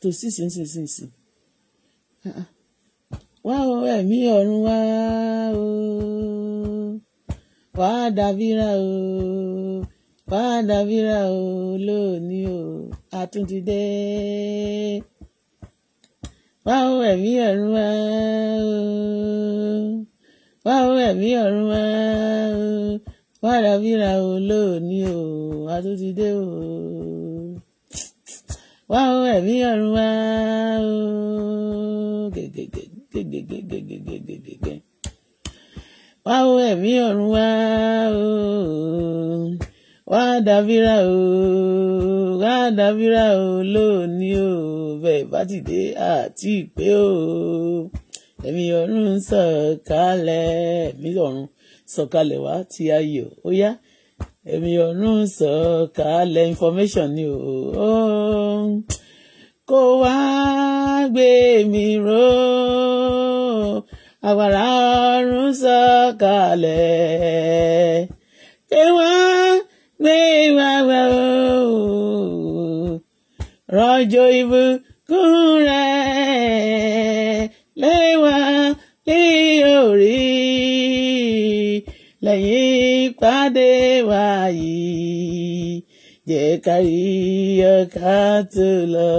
tó sì sí o o dàbíra o dàbíra o lónìí o dé o o. wá ó ẹ̀mí ọ̀run wá ó wá ra bíra o lóòní o a tún ti dé o wá ó ẹ̀mí ọ̀run wá ó gègègègègègègègègègègè wá ó ẹ̀mí ọ̀run wá ó wá dàbíra o wá dàbíra o lóòní o bẹ́ẹ̀ bá ti dé àti ìpè o ẹ̀mí ọ̀run sọ̀kalẹ̀ ẹ̀mí ọ̀run sọ̀kalẹ̀ wá ti ayọ̀ ó yá ẹ̀mí ọ̀run sọ̀kalẹ̀ information ni o kó wá gbé mi ró àwàrà ọ̀run sọ̀kalẹ̀ ṣé wọ́n gbé wàwà o rọ̀jò ìbùkún rẹ̀ lẹ́wà lé orí lẹ́yìn ìpàdé wa yìí jẹ́ kárí ọ̀ká tó lọ.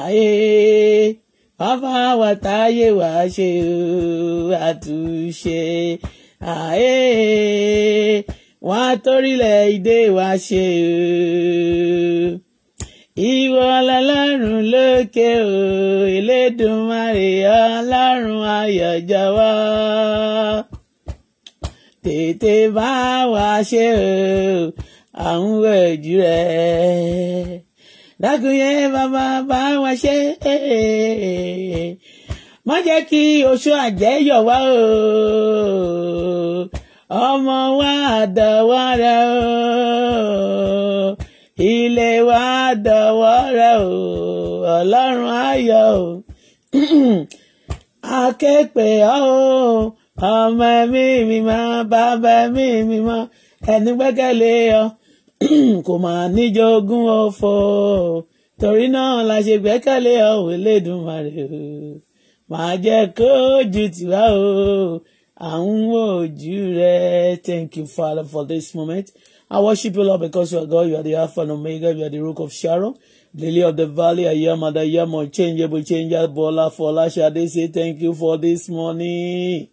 àyè bàbá wa táyé wá ṣe àtúnṣe àyè wọn torílẹ̀ èdè wa ṣe ìwọ lọ́lọ́run lókè o Elédùmarè Ọlọ́run ayọ̀jọ̀ wá tètè bá wa ṣe o àwọn ojú rẹ dákúnyé bàbá bá wa ṣe má jẹ́ kí oṣù àjẹ́ yọ̀ wá o ọmọ wa àdàwọ̀ rẹ o ilé wa dọwọ́ rẹ o ọlọ́run ayọ̀ o akéèpé ọ́ o ọmọ ẹ̀mí mi mọ́ bàbá ẹ̀mí mi mọ́ ẹni gbẹ́kẹ̀lé ọ kò mà níjogún ọ̀fọ̀ torí náà la ṣe gbẹ́kẹ̀lé ọ Elédùmarè o màá jẹ́ kó ju tiwa o àwọn ojú rẹ thank you Father for this moment. I worship you, Lord, because you are God. You are the Alpha and Omega. You are the Rook of Sharon, Lily of the Valley. I am and I am unchangeable, changer, Bola, Fola, Shade. Say thank you for this morning.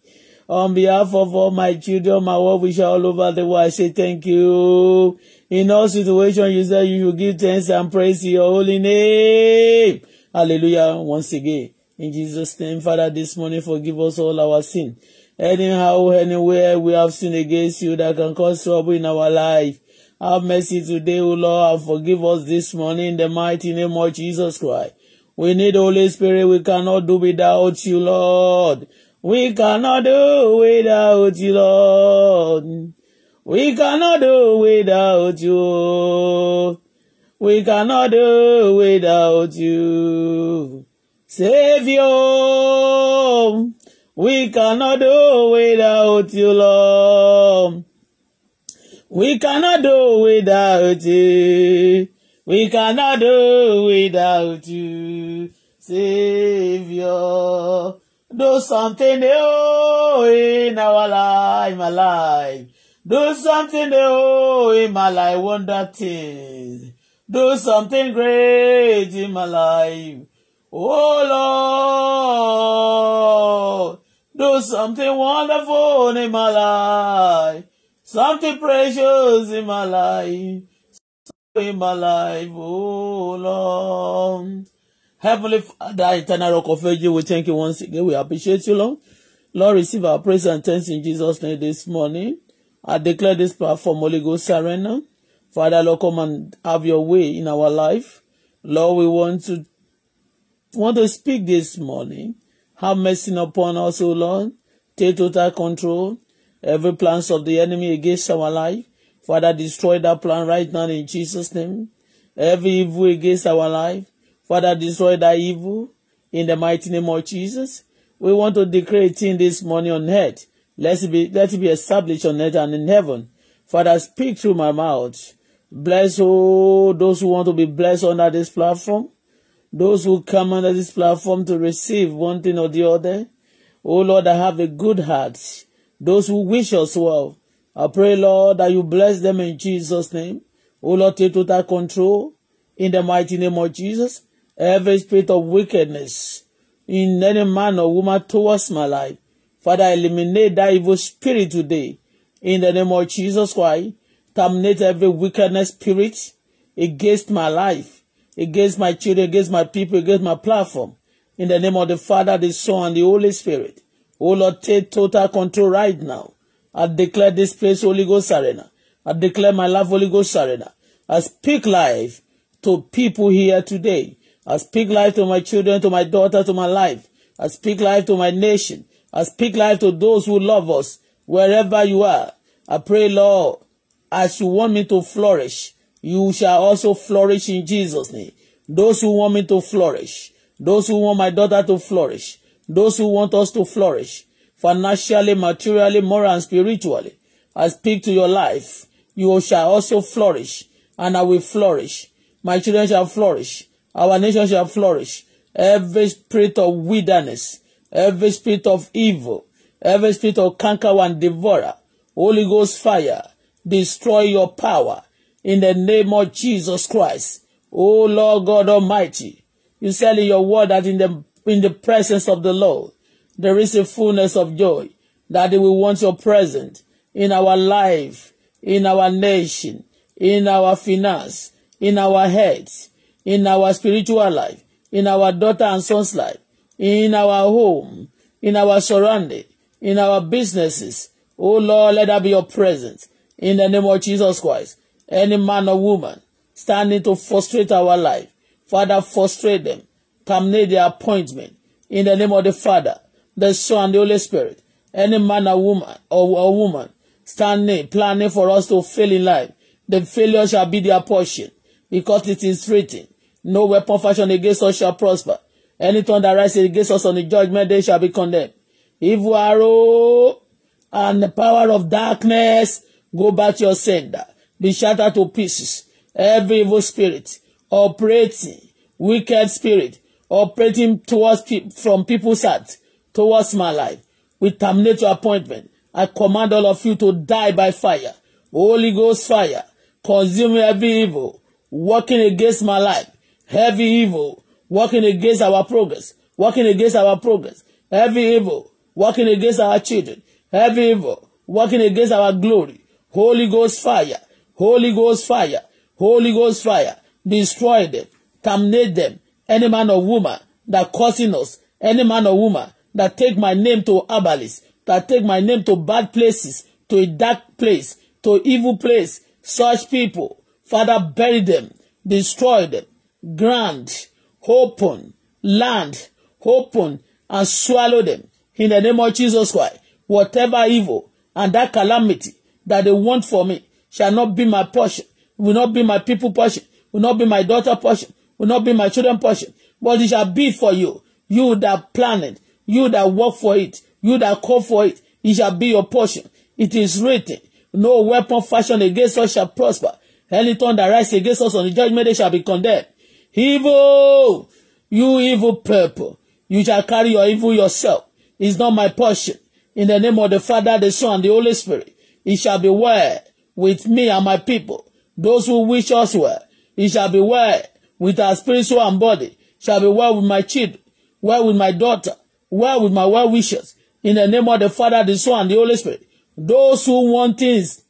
On behalf of all my children, my well wishes all over the world, I say thank you. In all situations, you say you should give thanks and praise your holy name. Hallelujah. Once again, in Jesus' name, Father, this morning, forgive us all our sins anyhow, anywhere we have sinned against you that can cause trouble in our life. Have mercy today, O Lord, and forgive us this morning in the mighty name of Jesus Christ. We need Holy Spirit. We cannot do without you, Lord. We cannot do without you, Lord. We cannot do without you. We cannot do without you. Savior. We cannot do without you, Lord. We cannot do without you. We cannot do without you, Savior. Do something new in our life, my life. Do something new in my life, wonder things. Do something great in my life. Oh Lord, Do something wonderful in my life. Something precious in my life. in my life, oh Lord. Heavenly Father, eternal rock of ages, we thank you once again. We appreciate you, Lord. Lord, receive our praise and thanks in Jesus' name this morning. I declare this platform Holy Ghost surrender. Father, Lord, come and have your way in our life. Lord, we want to want to speak this morning. Have mercy upon us, O Lord. Take total control. Every plans of the enemy against our life, Father, destroy that plan right now in Jesus' name. Every evil against our life, Father, destroy that evil in the mighty name of Jesus. We want to decree a thing this morning on earth. Let it be let it be established on earth and in heaven. Father, speak through my mouth. Bless all those who want to be blessed under this platform. Those who come under this platform to receive one thing or the other, oh Lord, I have a good heart. Those who wish us well, I pray, Lord, that you bless them in Jesus' name. Oh Lord, take total control in the mighty name of Jesus. Every spirit of wickedness in any man or woman towards my life, Father, eliminate that evil spirit today. In the name of Jesus Christ, terminate every wickedness spirit against my life against my children, against my people, against my platform. In the name of the Father, the Son, and the Holy Spirit. Oh Lord, take total control right now. I declare this place Holy Ghost arena. I declare my life Holy Ghost arena. I speak life to people here today. I speak life to my children, to my daughter, to my life. I speak life to my nation. I speak life to those who love us, wherever you are. I pray, Lord, as you want me to flourish, You shall also flourish in Jesus' name. Those who want me to flourish, those who want my daughter to flourish, those who want us to flourish financially, materially, morally, and spiritually. I speak to your life. You shall also flourish, and I will flourish. My children shall flourish. Our nation shall flourish. Every spirit of wilderness, every spirit of evil, every spirit of canker and devourer, Holy Ghost fire, destroy your power in the name of Jesus Christ. Oh Lord God Almighty, you said in your word that in the in the presence of the Lord there is a fullness of joy, that we want your presence in our life, in our nation, in our finance, in our heads, in our spiritual life, in our daughter and son's life, in our home, in our surrounding, in our businesses. Oh Lord, let that be your presence in the name of Jesus Christ any man or woman standing to frustrate our life. Father, frustrate them. Terminate their appointment. In the name of the Father, the Son, and the Holy Spirit. Any man or woman or, or woman standing, planning for us to fail in life, the failure shall be their portion, because it is written, No weapon fashioned against us shall prosper. Any tongue that rises against us on the judgment day shall be condemned. Evil arrow and the power of darkness go back to your sender be shattered to pieces. Every evil spirit operating, wicked spirit operating towards pe from people's heart, towards my life, we terminate your appointment. I command all of you to die by fire. Holy Ghost fire, consuming every evil working against my life, every evil working against our progress, working against our progress, every evil working against our children, every evil working against our glory. Holy Ghost fire, Holy Ghost fire, Holy Ghost fire, destroy them, terminate them, any man or woman that causing us, any man or woman that take my name to abalis, that take my name to bad places, to a dark place, to evil place, such people, Father, bury them, destroy them, grant, open, land, open, and swallow them in the name of Jesus Christ. Whatever evil and that calamity that they want for me, shall not be my portion, will not be my people portion, will not be my daughter portion, will not be my children portion, but it shall be for you, you that plan it, you that work for it, you that call for it, it shall be your portion. It is written, no weapon fashioned against us shall prosper. Any tongue that rises against us on the judgment day shall be condemned. Evil, you evil people, you shall carry your evil yourself. It's not my portion. In the name of the Father, the Son, and the Holy Spirit, it shall be well with me and my people. Those who wish us well, it shall be well with our spirit, soul, and body. Shall be well with my children, well with my daughter, well with my well wishers. In the name of the Father, the Son, and the Holy Spirit. Those who want things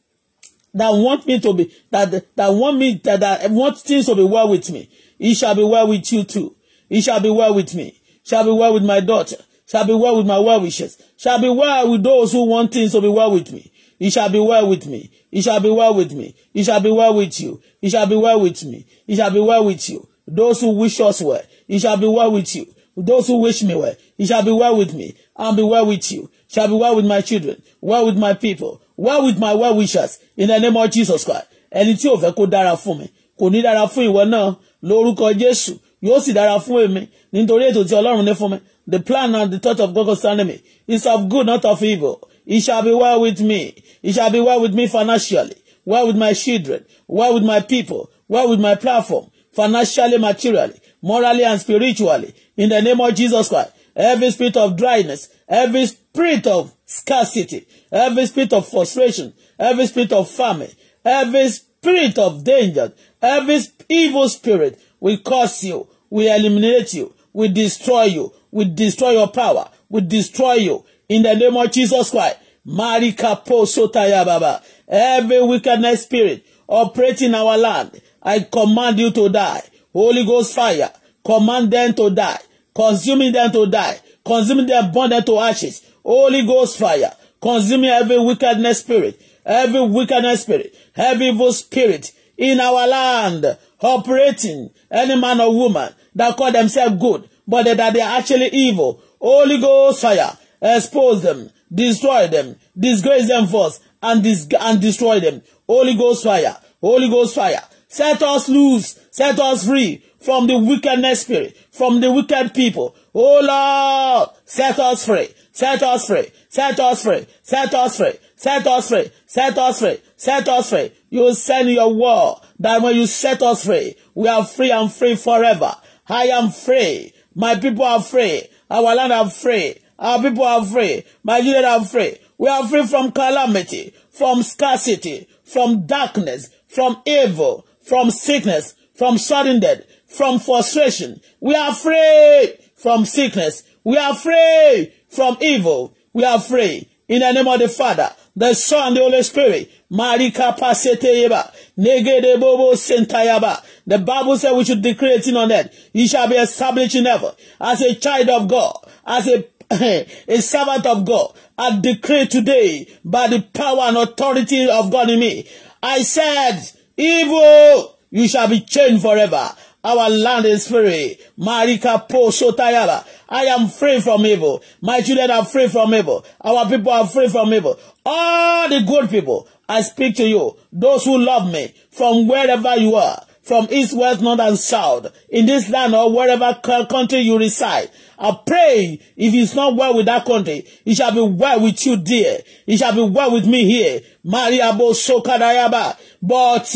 that want me to be that that want me that, that want things to be well with me. It shall be well with you too. It shall be well with me. Shall be well with my daughter. Shall be well with my well wishes. Shall be well with those who want things to be well with me. It shall be well with me. It shall be well with me. It shall be well with you. It shall be well with me. It shall be well with you. Those who wish us well, it shall be well with you. Those who wish me well, it shall be well with me. I'll be well with you. Shall be well with my children, well with my people, well with my well wishers. In the name of Jesus Christ. Ẹni tí ò fẹ́ kó dára fún mi, kò ní dára fún ìwọ náà lórúkọ Jésù yóò sì dára fún èmi nítorí ètò tí Ọlọ́run ní fún mi. The plan and the thought of God concerning me is of good, not of evil. It shall be well with me. It shall be well with me financially, well with my children, well with my people, well with my platform, financially, materially, morally, and spiritually. In the name of Jesus Christ, every spirit of dryness, every spirit of scarcity, every spirit of frustration, every spirit of famine, every spirit of danger, every evil spirit will curse you, We eliminate you, We destroy you, We destroy your power, We destroy you in the name of Jesus Christ. Marika Sotaya Baba. Every wickedness spirit operating our land, I command you to die. Holy Ghost fire, command them to die. Consuming them to die. Consuming them, burn them to ashes. Holy Ghost fire, consuming every wickedness spirit, every wickedness spirit, every evil spirit in our land, operating any man or woman that call themselves good, but that they are actually evil. Holy Ghost fire, expose them, destroy them, disgrace them first, and, dis and destroy them. Holy Ghost fire, Holy Ghost fire. Set us loose, set us free from the wickedness spirit, from the wicked people. Oh Lord, set us free, set us free, set us free, set us free, set us free, set us free, set us free. You send your word that when you set us free, we are free and free forever. I am free. My people are free. Our land are free. Our people are free. My children are free. We are free from calamity, from scarcity, from darkness, from evil, from sickness, from sudden death, from frustration. We are free from sickness. We are free from evil. We are free. In the name of the Father, the Son, the Holy Spirit. Marika paseteyeba. Negede bobo sentayaba. The Bible says we should decree it on earth. He shall be established in heaven. As a child of God. As a a servant of God, I decree today by the power and authority of God in me. I said, evil, you shall be chained forever. Our land is free. Marika po sotayaba. I am free from evil. My children are free from evil. Our people are free from evil. All the good people, I speak to you. Those who love me, from wherever you are, from east, west, north, and south, in this land or wherever country you reside, I pray if it's not well with that country, it shall be well with you, dear. It shall be well with me here. Maria Bosokadayaba. But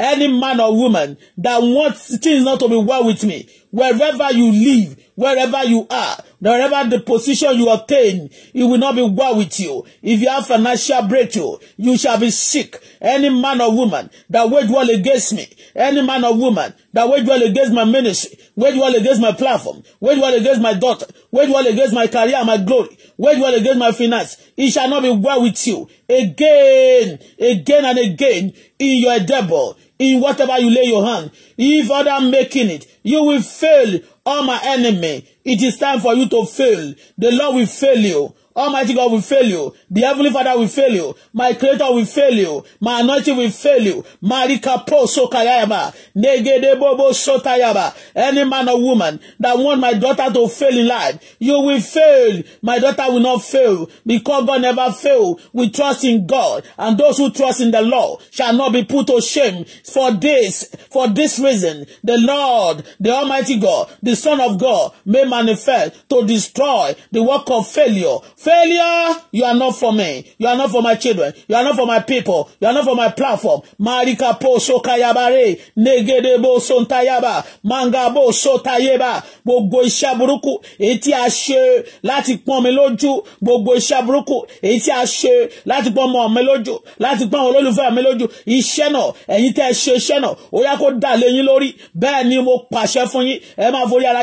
any man or woman that wants things not to be well with me, wherever you live, wherever you are, wherever the position you attain, it will not be well with you. If you have financial breakthrough, you shall be sick. Any man or woman that wage war against me, any man or woman that wage war against my ministry, wage war against my platform, wage war against my daughter, wage war against my career, and my glory, wage war against my finance it shall not be well with you again again and again in your devil, in whatever you lay your hand if other making it you will fail all my enemy it is time for you to fail the Lord will fail you Almighty God will fail you. The Heavenly Father will fail you. My Creator will fail you. My anointing will fail you. Marika po sokayaba. Negede bobo sotayaba. Any man or woman that want my daughter to fail in life, you will fail. My daughter will not fail because God never fail. We trust in God and those who trust in the Lord shall not be put to shame. For this, for this reason, the Lord, the Almighty God, the Son of God may manifest to destroy the work of failure Failure, you are not for me. You are not for my children. You are not for my people. You are not for my platform. Marika po sokayabare, negedebo sontayaba, mangabo sotayeba, gbogbo iṣẹ́ burúkú, èyí tí a ṣe láti pọ́n mi lójú, gbogbo iṣẹ́ burúkú, èyí tí a ṣe láti pọ́n mọ́ mi lójú, láti pọ́n àwọn olólùfẹ́ mi lójú, iṣẹ́ náà, ẹ̀yin tẹ́ ṣe ni mo pàṣẹ fún yín, ẹ máa forí ara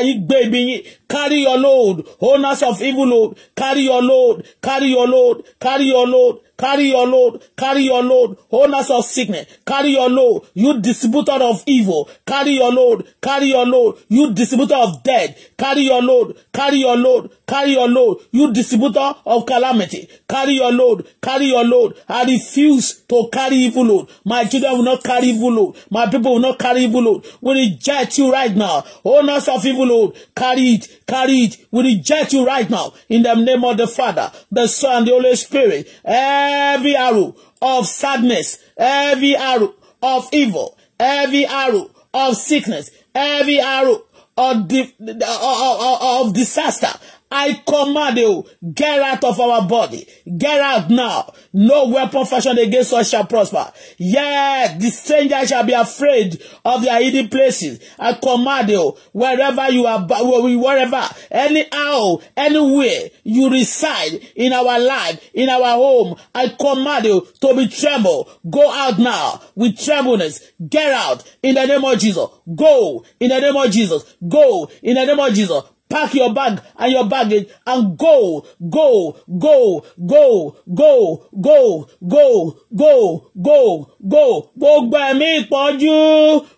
carry your load, owners of evil load, carry your load, carry your load, carry your load, Carry your load. Carry your load. Owners of sickness. Carry your load. You distributor of evil. Carry your load. Carry your load. You distributor of death. Carry your load. Carry your load. Carry your load. You distributor of calamity. Carry your load. Carry your load. I refuse to carry evil load. My children will not carry evil load. My people will not carry evil load. We reject you right now. Owners of evil load. Carry it. Carry it. We reject you right now. In the name of the Father, the Son, and the Holy Spirit. Amen every arrow of sadness, every arrow of evil, every arrow of sickness, every arrow of, di of disaster, I command you, get out of our body. Get out now. No weapon fashioned against us shall prosper. Yet the stranger shall be afraid of their hidden places. I command you, wherever you are, wherever, anyhow, anywhere you reside in our life, in our home, I command you to be tremble. Go out now with trembleness. Get out in the name of Jesus. Go in the name of Jesus. Go in the name of Jesus. Pack your bag and your baggage and go, go, go, go, go, go, go, go, go, go. Gbogbo ẹ̀mí ìpọ́njú,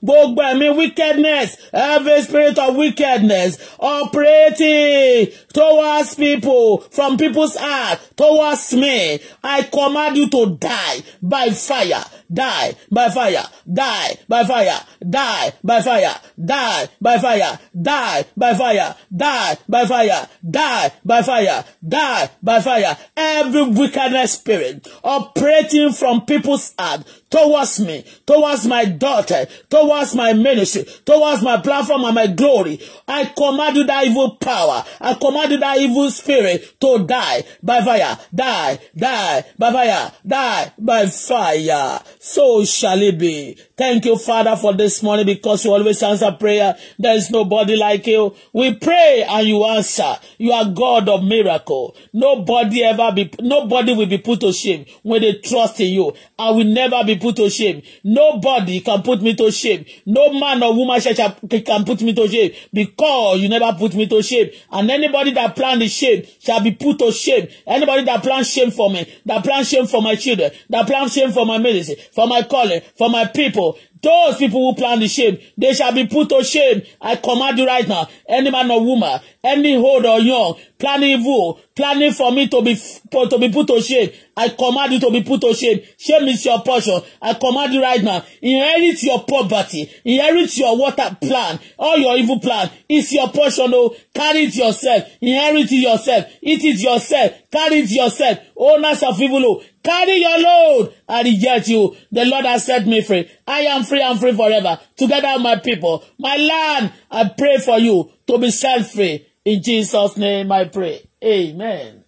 gbogbo ẹ̀mí wickedness, every spirit of wickedness operating towards people from people's heart towards me. I command you to die by fire, die by fire, die by fire, die by fire, die by fire, die by fire die by fire, die by fire, die by fire. Every wickedness spirit operating from people's heart towards me, towards my daughter, towards my ministry, towards my platform and my glory. I command you that evil power. I command you that evil spirit to die by fire, die, die by fire, die by fire. So shall it be. Thank you, Father, for this morning because you always answer prayer. There is nobody like you. We pray and you answer. You are God of miracle. Nobody ever be, nobody will be put to shame when they trust in you. I will never be put to shame. Nobody can put me to shame. No man or woman can put me to shame because you never put me to shame. And anybody that plan the shame shall be put to shame. Anybody that plan shame for me, that plan shame for my children, that plan shame for my ministry, for my calling, for my people, Those people who plan the shame, they shall be put to shame. I command you right now, any man or woman, any old or young, planning evil, planning for me to be to be put to shame. I command you to be put to shame. Shame is your portion. I command you right now, inherit your poverty, inherit your water plan, all your evil plan. It's your portion, oh, carry it yourself, inherit it yourself, eat it yourself, carry it yourself. Owners of evil, oh, Carry your load. I reject you, the Lord has set me free. I am free, I'm free forever. Together with my people, my land, I pray for you to be set free. In Jesus' name I pray. Amen.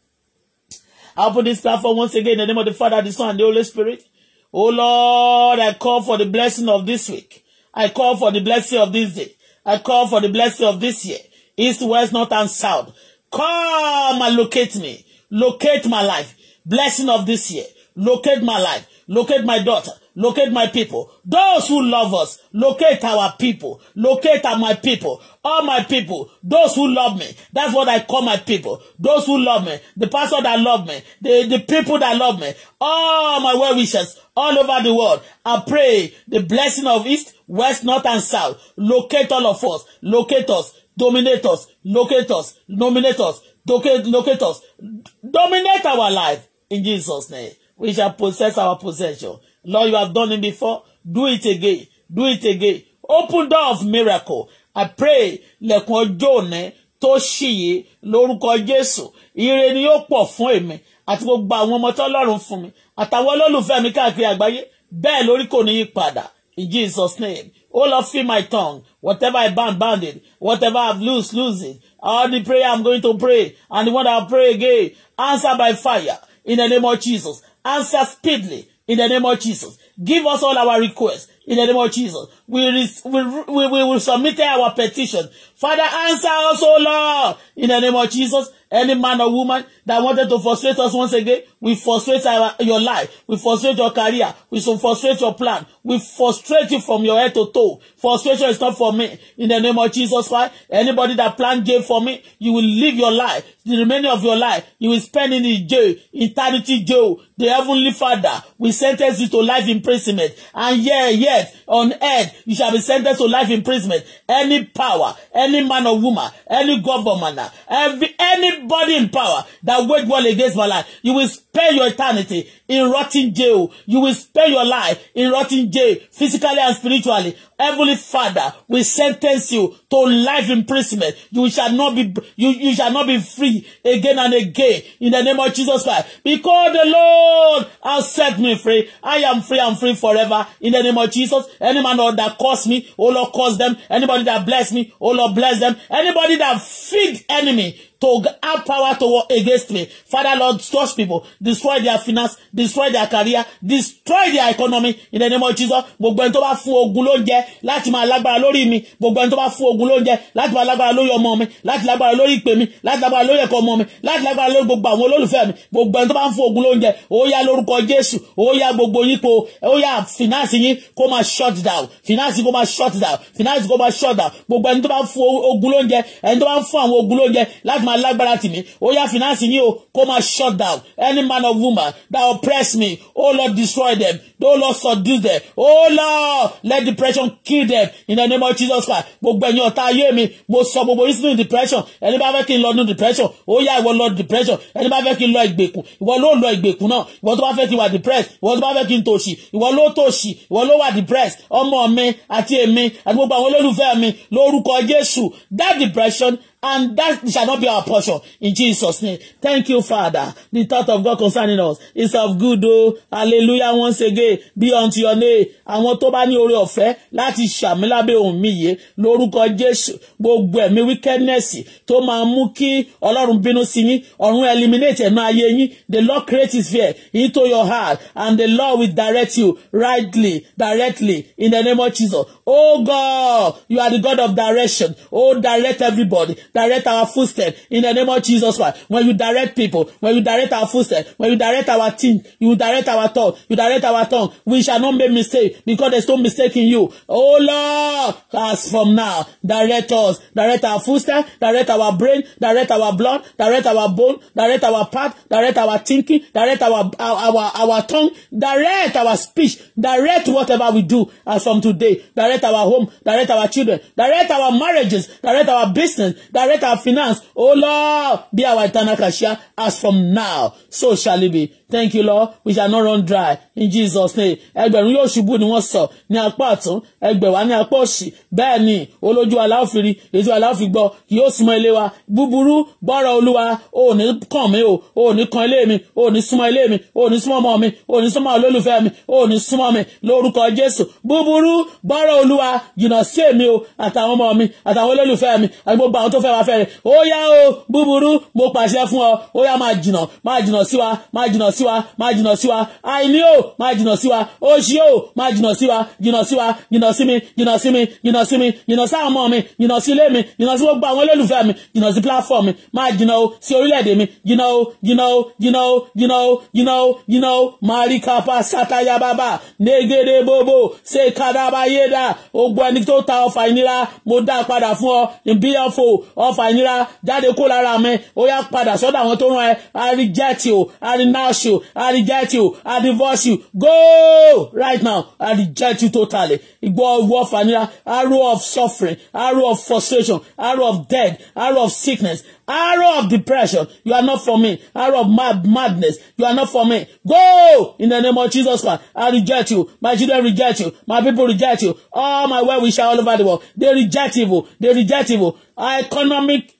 I put this platform once again in the name of the Father, the Son, and the Holy Spirit. Oh Lord, I call for the blessing of this week. I call for the blessing of this day. I call for the blessing of this year. East, west, north, and south. Come and locate me. Locate my life blessing of this year. Locate my life. Locate my daughter. Locate my people. Those who love us, locate our people. Locate my people. All my people. Those who love me. That's what I call my people. Those who love me. The pastor that love me. The, the people that love me. All my well wishes all over the world. I pray the blessing of East, West, North, and South. Locate all of us. Locate us. Dominate us. Locate us. Nominate us. Locate, locate us. Dominate our life. in Jesus' name. We shall possess our possession. Lord, you have done it before. Do it again. Do it again. Open door of miracle. I pray lẹ̀kùn ọjọ́ òní tó ṣì yìí lórúkọ Jésù. Ire ni yóò pọ̀ fún èmi àti gbogbo àwọn ọmọ tọ́lọ́run fún mi àtàwọn olólùfẹ́ mi káàkiri àgbáyé bẹ́ẹ̀ lórí kò ní yí padà. In Jesus' name. Oh Lord, fill my tongue. Whatever I bound, bound it. Whatever I've loose, loose it. All the prayer I'm going to pray and the one I'll pray again, answer by fire in the name of Jesus. Answer speedily in the name of Jesus. Give us all our requests in the name of Jesus. We, we, we, we will submit our petition. Father, answer us, O Lord, in the name of Jesus. Any man or woman that wanted to frustrate us once again, we frustrate our, your life. We frustrate your career. We frustrate your plan. We frustrate you from your head to toe. Frustration is not for me. In the name of Jesus Christ, anybody that planned jail for me, you will live your life. The remaining of your life, you will spend in the jail, eternity jail. The heavenly Father will sentence you to life imprisonment. And yeah, yet, on earth, you shall be sentenced to life imprisonment. Any power, any man or woman, any government, every, any anybody in power that wage war against my life, you will spend your eternity in rotting jail. You will spend your life in rotting jail, physically and spiritually. Heavenly Father will sentence you to life imprisonment. You shall not be you, you shall not be free again and again in the name of Jesus Christ. Because the Lord has set me free. I am free and free forever in the name of Jesus. Any man that curse me, oh Lord, curse them. Anybody that bless me, oh Lord, bless them. Anybody that feed enemy to have power to work against me. Father Lord, touch people, destroy their finance, destroy their career, destroy their economy in the name of Jesus. Gbogbo ẹni tó bá fún ogun lóúnjẹ láti máa lágbára lórí mi. Gbogbo ẹni tó bá fún ogun ògùn lóúnjẹ láti máa lágbára lórí ọmọ mi láti lágbára lórí ìpè mi láti lágbára lórí ẹ̀kọ́ ọmọ mi láti lágbára lórí gbogbo àwọn olólùfẹ́ mi gbogbo ẹni tó bá ń fún ògùn lóúnjẹ ó yá lórúkọ Jésù ó yá gbogbo yípo ó yá finance yín kó máa shut down finance kó máa shut down finance kó máa shut down gbogbo ẹni tó bá ń fún ògùn lóúnjẹ ẹni tó bá ń fún àwọn ògùn lóúnjẹ láti máa lágbára tì mí ó yá finance yín kó máa shut down any man or woman that oppress me oh Lord destroy them oh Lord subdue them oh Lord let depression kill them in the name of Jesus Christ gbogbo ẹ̀yin ọ̀tá ayé mi mo sọ gbogbo yín sínú depression ẹni bá fẹ́ kí n lọ nínú depression ó yá ìwọ lọ depression ẹni bá fẹ́ kí n lọ ìgbèkùn ìwọ ló lọ ìgbèkùn náà ìwọ tó bá fẹ́ kí n wà depressed ìwọ tó bá fẹ́ kí n tòṣì ìwọ ló tòṣì ìwọ ló wà depressed ọmọ mi àti èmi àti gbogbo àwọn olólùfẹ́ mi lórúkọ Jésù that depression and that shall not be our portion in Jesus' name. Thank you, Father. The thought of God concerning us is of good, oh, hallelujah, once again, be unto your name. Àwọn tó bá ní oore ọ̀fẹ́ láti ṣàmì lábẹ́ ohùn mi yìí lórúkọ Jésù gbogbo ẹ̀mí wickedness tó máa mú kí Ọlọ́run bínú sí yín, ọ̀run eliminate ẹ̀nu ayé yín. The Lord creates his fear into your heart and the Lord will direct you rightly, directly in the name of Jesus. Oh God, you are the God of direction. Oh, direct everybody direct our footsteps in the name of Jesus Christ. When you direct people, when you direct our footsteps, when you direct our team, you direct our thought, you direct our tongue, we shall not make mistake because there's no mistake in you. Oh Lord, as from now, direct us, direct our footsteps, direct our brain, direct our blood, direct our bone, direct our path, direct our thinking, direct our our our, our tongue, direct our speech, direct whatever we do as from today, direct our home, direct our children, direct our marriages, direct our business, direct director of finance, oh Lord, be our eternal cashier as from now, so shall it be thank you lord we shall not run dry in jesus name ẹgbẹ̀rún yóò ṣubú ni wọ́n sọ ní apá ọ̀tún ẹgbẹ̀wá ní apá òsì bẹ́ẹ̀ ni olójú aláfiri ètò aláfigbọ́ yóò súnmọ́ ilé wa búburú gbọ́rọ̀ olúwa ò ní kàn mí o ò ní kan ilé mi ò ní súnmọ́ ilé mi ò ní súnmọ́ ọmọ mi ò ní súnmọ́ olólùfẹ́ mi ò ní súnmọ́ mi lórúkọ jésù búburú gbọ́rọ̀ olúwa jìnnà sí èmi o àtàwọn ọmọ mi àtàwọn olólùfẹ́ mi àti gbogbo àwọn tó fẹ́ wa fẹ́ rẹ̀ ó yá o búburú mo pàṣẹ fún ọ ó yá máa jìnnà máa jìnnà sí wa máa jìnnà sí sí wa máa jìnnà sí wa àìní o máa jìnnà sí wa òṣì o máa jìnnà sí wa jìnnà sí wa jìnnà sí mi jìnnà sí mi jìnnà sí mi jìnnà sí àwọn ọmọ mi jìnnà sí ilé mi jìnnà sí gbogbo àwọn olólùfẹ́ mi jìnnà sí platform mi máa jìnnà o sí orílẹ̀-èdè mi jìnnà o jìnnà o jìnnà o jìnnà o jìnnà o jìnnà o máa rí kápá sátayá bàbá négede bóbó ṣe kádàbáyédà ogbó ẹni tó ta ọfà ìnira mo dá padà fún ọ ìbíyànfò ọfà ìnira jáde kó lára mi ó yá padà sọ́dọ̀ àwọn tó rán ẹ àrí jẹ́ẹ̀tì o àrí náà ṣe you. I reject you. I divorce you. Go right now. I reject you totally. Igbo of fanira, arrow of suffering, arrow of frustration, arrow of death, arrow of sickness, arrow of depression. You are not for me. Arrow of mad madness. You are not for me. Go in the name of Jesus Christ. I reject you. My children reject you. My people reject you. All my well wishes all over the world. They reject evil. They reject evil. Economic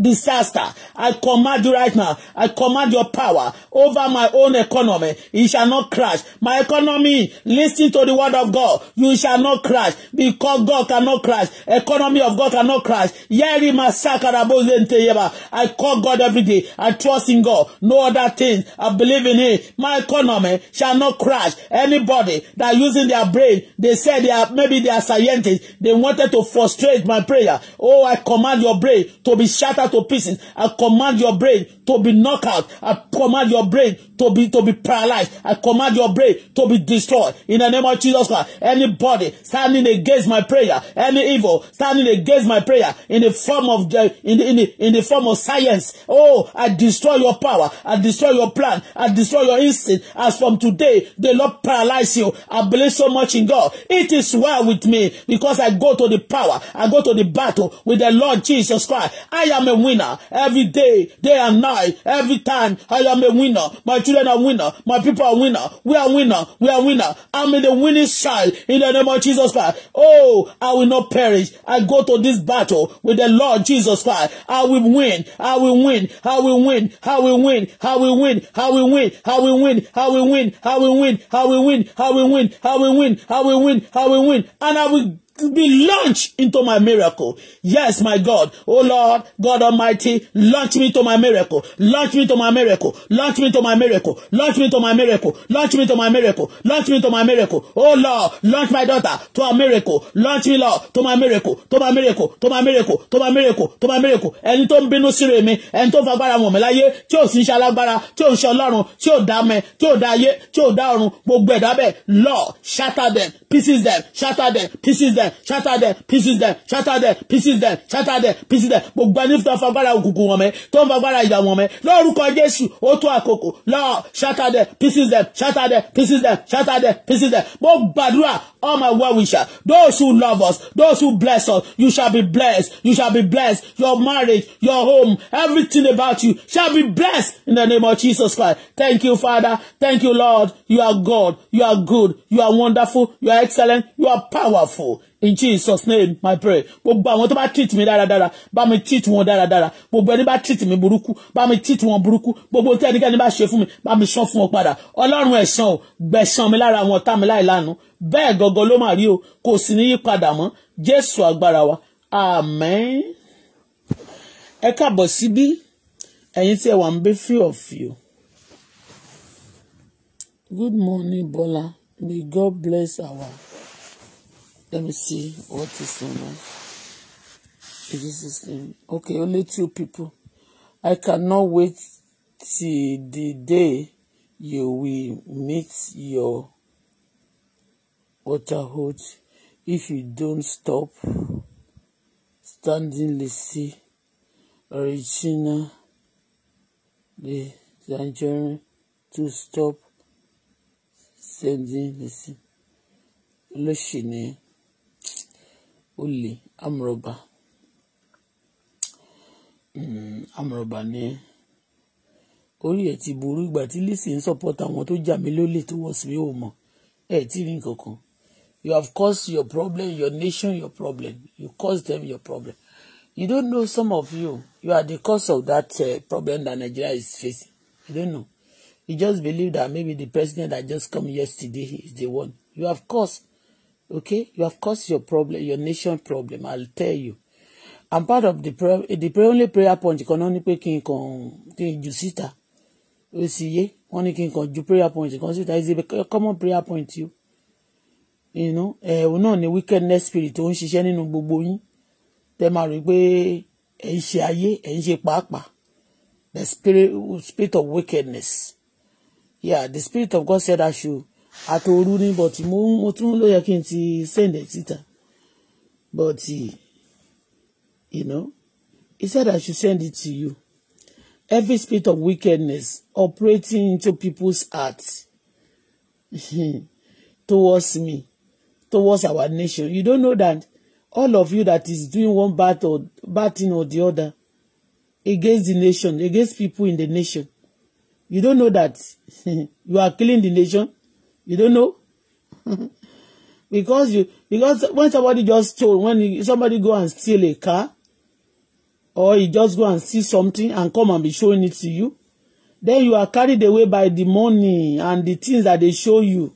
disaster. I command you right now. I command your power over my own economy. It shall not crash. My economy, listen to the word of God. You shall not crash because God cannot crash. Economy of God cannot crash. Yeri I call God every day. I trust in God. No other thing. I believe in Him. My economy shall not crash. Anybody that using their brain, they said they are maybe they are scientists. They wanted to frustrate my prayer. Oh, I command your brain to be shattered shattered to pieces. I command your brain to be knocked out. I command your brain to be to be paralyzed. I command your brain to be destroyed in the name of Jesus Christ. Anybody standing against my prayer, any evil standing against my prayer in the form of the, in the, in the, in the form of science. Oh, I destroy your power. I destroy your plan. I destroy your instinct. As from today, the Lord paralyze you. I believe so much in God. It is well with me because I go to the power. I go to the battle with the Lord Jesus Christ. I am a a winner every day, day and night, every time. I am a winner. My children are winner. My people are winner. We are winner. We are winner. I'm in the winning side in the name of Jesus Christ. Oh, I will not perish. I go to this battle with the Lord Jesus Christ. I will win. I will win. I will win. I will win. I will win. I will win. I will win. I will win. I will win. I will win. I will win. I will win. I will win. I will win. win. And I will be launched into my miracle. Yes, my God. Oh Lord, God Almighty, launch me to my miracle. Launch me to my miracle. Launch me to my miracle. Launch me to my miracle. Launch me to my miracle. Launch me to my miracle. Oh Lord, launch my daughter to a miracle. Launch me, Lord, to my miracle. To my miracle. To my miracle. To my miracle. To my miracle. Ẹni tó ń bínú síre mi, ẹni tó fagbára wọ̀n mi láyé, tí ò sì ń ṣe alágbára, tí ò ń ṣe ọlọ́run, tí ò dá mẹ, tí ò dá ayé, tí ò dá ọ̀run, gbogbo ẹ̀dá bẹ́ẹ̀, Lord, shatter them, pieces them, shatter them, pieces them them shatter them pieces them shatter them pieces them shatter them pieces them gbogbo ẹni tó ń fagbára òkùnkùn wọn mẹ tó ń fagbára ìyà wọn mẹ lórúkọ Jésù ó tó àkókò lọ shatter them pieces them shatter them pieces them shatter them pieces them mo gbàdúrà all my well wishes. those who love us those who bless us you shall be blessed you shall be blessed your marriage your home everything about you shall be blessed in the name of Jesus Christ thank you Father thank you Lord you are God you are good you are wonderful you are excellent you are powerful in Jesus name my prayer gbogbo àwọn tó bá treat mi dáradára bá mi treat wọn dáradára gbogbo ẹni bá treat mi burúkú bá mi treat wọn burúkú gbogbo tí ẹnikẹ́ni bá ṣe fún mi bá mi san fún wọn padà ọlọ́run ẹ̀san ò gbẹ̀san mi lára àwọn ọ̀tá mi láìlánu bẹ́ẹ̀ gangan ló máa rí o kò sì ní yípadà mọ́ jésù agbára wa amen ẹ káàbọ̀ síbí ẹ̀yin tí ẹ wà ń bẹ few of you good morning Bola may God bless our let me see what is the name is this name okay only two people I cannot wait till the day you will meet your water holds if you don't stop standing Lisi original the Nigerian to stop standing Lisi olóṣèlú olè amúrọ̀bà hmm, amúrọ̀bà ni orí ẹ̀ ti burú ìgbà tí Lisi ń support àwọn tó jà mí lólè tó wọ̀ sí mi ò mọ̀ ẹ̀ tí rí nǹkan kan You have caused your problem, your nation your problem. You caused them your problem. You don't know some of you, you are the cause of that uh, problem that Nigeria is facing. You don't know. You just believe that maybe the president that just come yesterday is the one. You have caused, okay? You have caused your problem, your nation problem. I'll tell you. I'm part of the prayer, the prayer only prayer point kan náà ni pé kí n kàn kí n jù síta. Ó sì yé, wọ́n ní kí n kàn ju prayer point kan síta. It's a common prayer point you you know eh, òun náà ni wickedness spirit tó ń ṣiṣẹ́ nínú gbogbo yín tẹ máa rí pé ẹ̀ ń ṣe ayé ẹ̀ ń ṣe pàápàá the spirit, spirit of wickedness yeah the spirit of God said I should àtòru ni but mo mo tún ló yẹ kí n ti send it síta but you know he said I should send it to you every spirit of wickedness operating into people's hearts towards me towards our nation. You don't know that all of you that is doing one bad or bad thing or the other against the nation, against people in the nation. You don't know that you are killing the nation. You don't know. because you because when somebody just stole, when somebody go and steal a car, or he just go and see something and come and be showing it to you, then you are carried away by the money and the things that they show you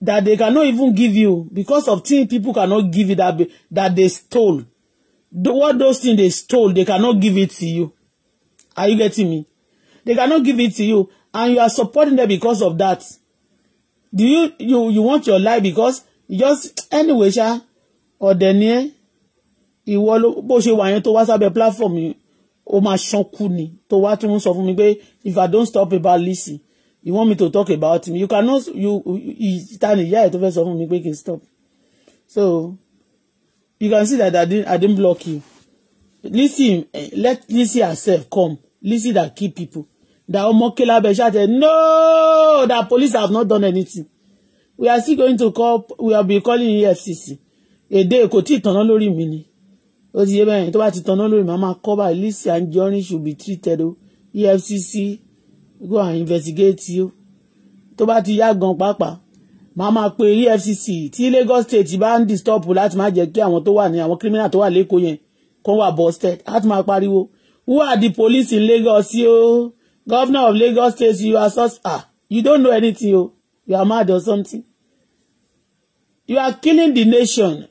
that they cannot even give you because of things people cannot give you that, that they stole. The, what those things they stole, they cannot give it to you. Are you getting me? They cannot give it to you, and you are supporting them because of that. Do you you you want your life because just anyway ṣá Or ni you ìwọ ló bó ṣe wà yẹn tó wá sábẹ́ platform yìí ó máa ṣánkú ni tó wá tún sọ fún if I don't stop about Lizzy you want me to talk about him you cannot you ìtàn ìyá ẹ̀ tó fẹ́ sọ fún mi pé kí stop so you can see that I didn't, block you Lizzy eh, let Lizzy herself come Lizzy that key people that omokelabe shouted no that police have not done anything we are still going to call we are be calling EFCC èdè kò tí ì tanná lórí mi ni ó ti yé bẹ́ẹ̀ tó bá ti tanná lórí mi a máa kọ́ báyìí Lizzy Anjorin should be treated o EFCC go and investigate you tó bá ti yá gan pàápàá màá máa pe EFCC tí Lagos state bá ń disturb láti má jẹ́ kí àwọn tó wà ní àwọn criminal tó wà lẹ́kọ̀ọ́ yẹn kó wà busted láti máa pariwo who are the police in Lagos yo governor of Lagos state you are sus ah you don't know anything o you are mad or something you are killing the nation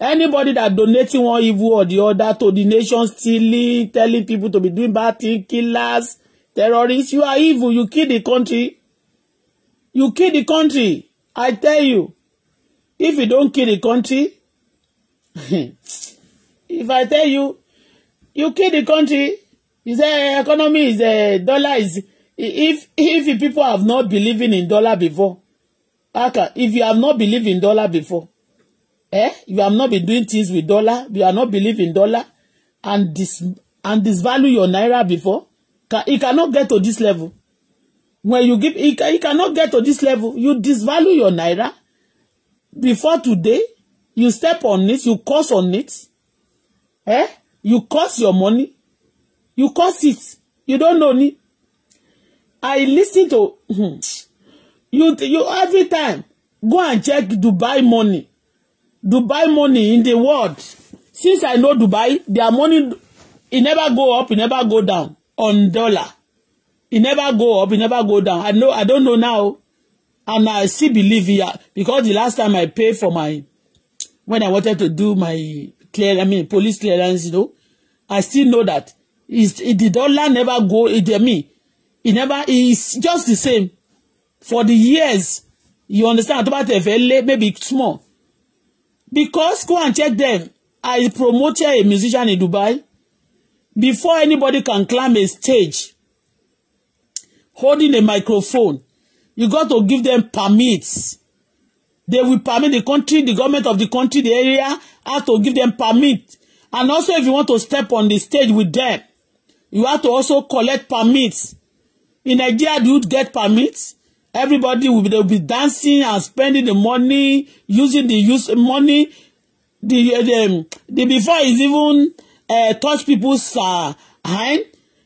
anybody that donating one evil or the other to the nation stealing telling people to be doing bad thing killers Terrorists, you are evil. You kill the country. You kill the country. I tell you. If you don't kill the country, if I tell you, you kill the country, you say eh, economy is a eh, dollar is if if people have not believing in dollar before, okay, if you have not believed in dollar before, eh, you have not been doing things with dollar, you are not believing dollar, and this and disvalue your naira before, he cannot get to this level. When you give, he, he cannot get to this level. You disvalue your naira before today. You step on it. You cost on it. Eh? You cost your money. You cost it. You don't know me. I listen to hmm, you. You every time go and check Dubai money. Dubai money in the world. Since I know Dubai, their money it never go up, it never go down on dollar. It never go up, it never go down. I know I don't know now. And I still believe here because the last time I paid for my when I wanted to do my clear I mean police clearance, you know, I still know that is it, the dollar never go it I mean it never is just the same for the years you understand about the tẹ̀ maybe small because go and check them I promoted a musician in Dubai Before anybody can climb a stage holding a microphone, you got to give them permits. They will permit the country, the government of the country, the area, have to give them permit. And also if you want to step on the stage with them, you have to also collect permits. In Nigeria, do you get permits? Everybody will be, will be dancing and spending the money, using the use money. The, the, the before is even uh, touch people's uh, hand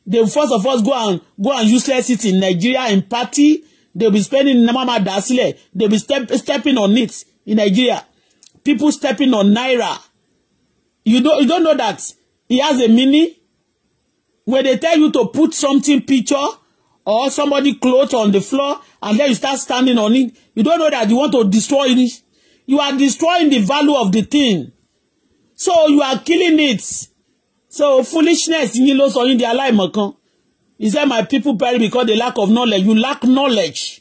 they first of all go and go and useless it in Nigeria in party they be spending mama dasile they be step, stepping on it in Nigeria people stepping on naira you don't you don't know that he has a mini when they tell you to put something picture or somebody cloth on the floor and then you start standing on it you don't know that you want to destroy it you are destroying the value of the thing so you are killing it so foolishness yín ló sọ yín di aláìmọ̀kan he said my people perish because they lack of knowledge you lack knowledge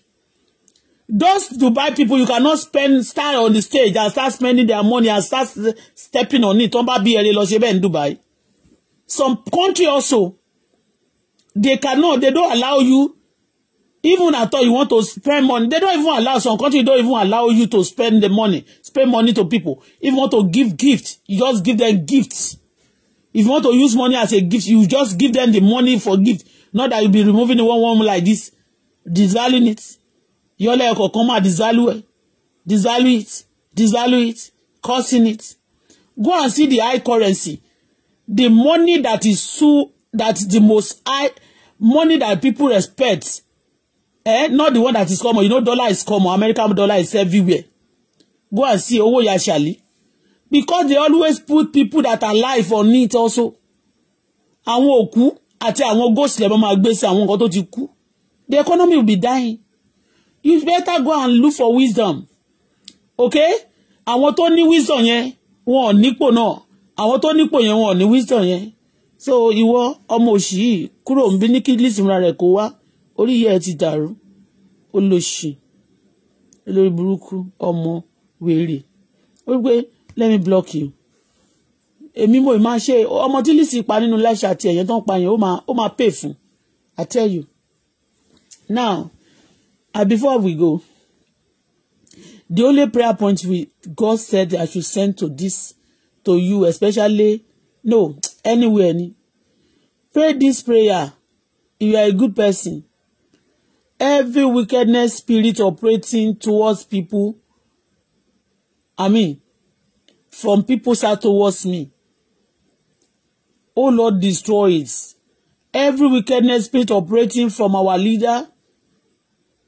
those Dubai people you cannot spend style on the stage and start spending their money and start stepping on it tó ń bá bí ẹrẹ lọ ṣe bẹ́ẹ̀ ní Dubai some country also they cannot they don't allow you even at all you want to spend money they don't even allow some country don't even allow you to spend the money spend money to people if you want to give gift you just give them gifts if you want to use money as a gift you just give them the money for gift not that you be removing the one one like this devaluing it yọlẹ ẹkọ come máa devalue devalue it devalue it cursing it go and see the high currency the money that is so that the most high money that people respect eh not the one that is common you know dollar is common American dollar is everywhere go and see owó yashali because they always put people that are alive on it also àwọn òkú àti àwọn ghost lẹ́bọ̀ máa gbé sí àwọn nǹkan tó ti kú the economy will be dying you better go and look for wisdom okay àwọn tó ní wisdom yẹn wọn ò nípò náà àwọn tó nípò yẹn wọn ò ní wisdom yẹn so ìwọ ọmọ òṣì yìí kúrò ń bí ní kí lísìmúra rẹ kó wá orí yẹ ti dàrú olóṣì olórí burúkú ọmọ wèrè ó gbé let me block you èmi mo máa ṣe ọmọ tí lè sì pa nínú láṣà àti ẹ̀yẹ́ tó ń pa yẹn ó máa ó máa pè fún I tell you now and uh, before we go the only prayer point we God said I should send to this to you especially no anywhere ni pray this prayer if you are a good person every wickedness spirit operating towards people I mean from people's side towards me. Oh Lord, destroy it. Every wickedness spirit operating from our leader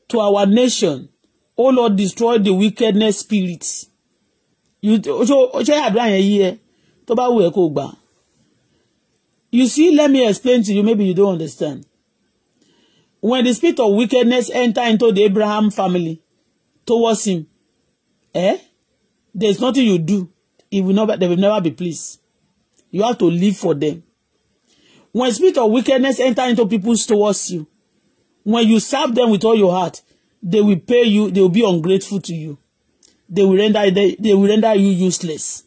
to our nation. Oh Lord, destroy the wickedness spirit. You ṣe àdúrà yẹn yí ẹ tó bá wù You see, let me explain to you, maybe you don't understand. When the spirit of wickedness enter into the Abraham family towards him, eh? There's nothing you do. It will not, they will never be pleased. You have to live for them. When spirit of wickedness enter into people towards you, when you serve them with all your heart, they will pay you, they will be ungrateful to you. They will render, they, they will render you useless.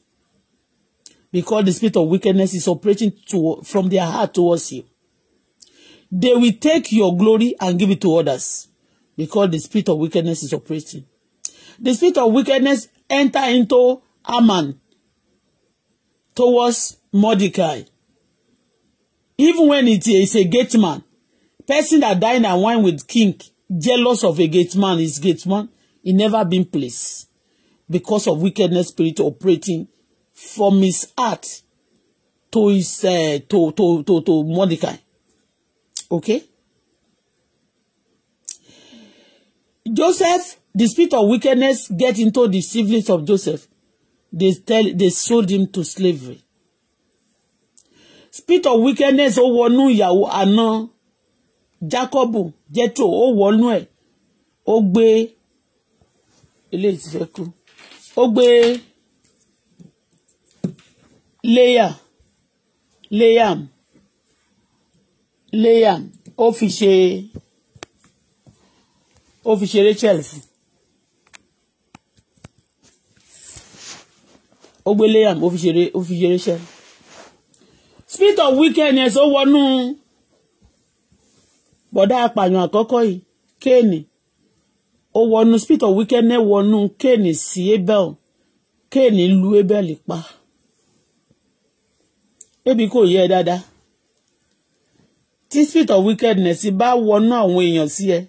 Because the spirit of wickedness is operating to, from their heart towards you. They will take your glory and give it to others. Because the spirit of wickedness is operating. The spirit of wickedness enter into Aman towards Mordecai. Even when it is a gate man, person that dine and wine with king, jealous of a gate man is gate man, he never been placed because of wickedness spirit operating from his heart to his uh, to, to to to Mordecai. Okay. Joseph, the spirit of wickedness get into the siblings of Joseph they tell they sold him to slavery spirit of wickedness ó wọnú ìyàwó àná Jacob Jethro ó wọnú ẹ̀ ó gbé eléyìí ti fẹ́ kú ó gbé layer layer Rachel fún ó gbé léyàm ó fi ṣeré ó fi ṣeré ṣẹ́ spirit of wickedness ó wọnú bọ̀dá apààyàn àkọ́kọ́ yìí kéènì ó wọnú spirit of wickedness wọnú kéènì sí abel kéènì lu abel pa ebi kò yẹ dáadáa tí spirit of wickedness bá wọnú àwọn èèyàn sí ẹ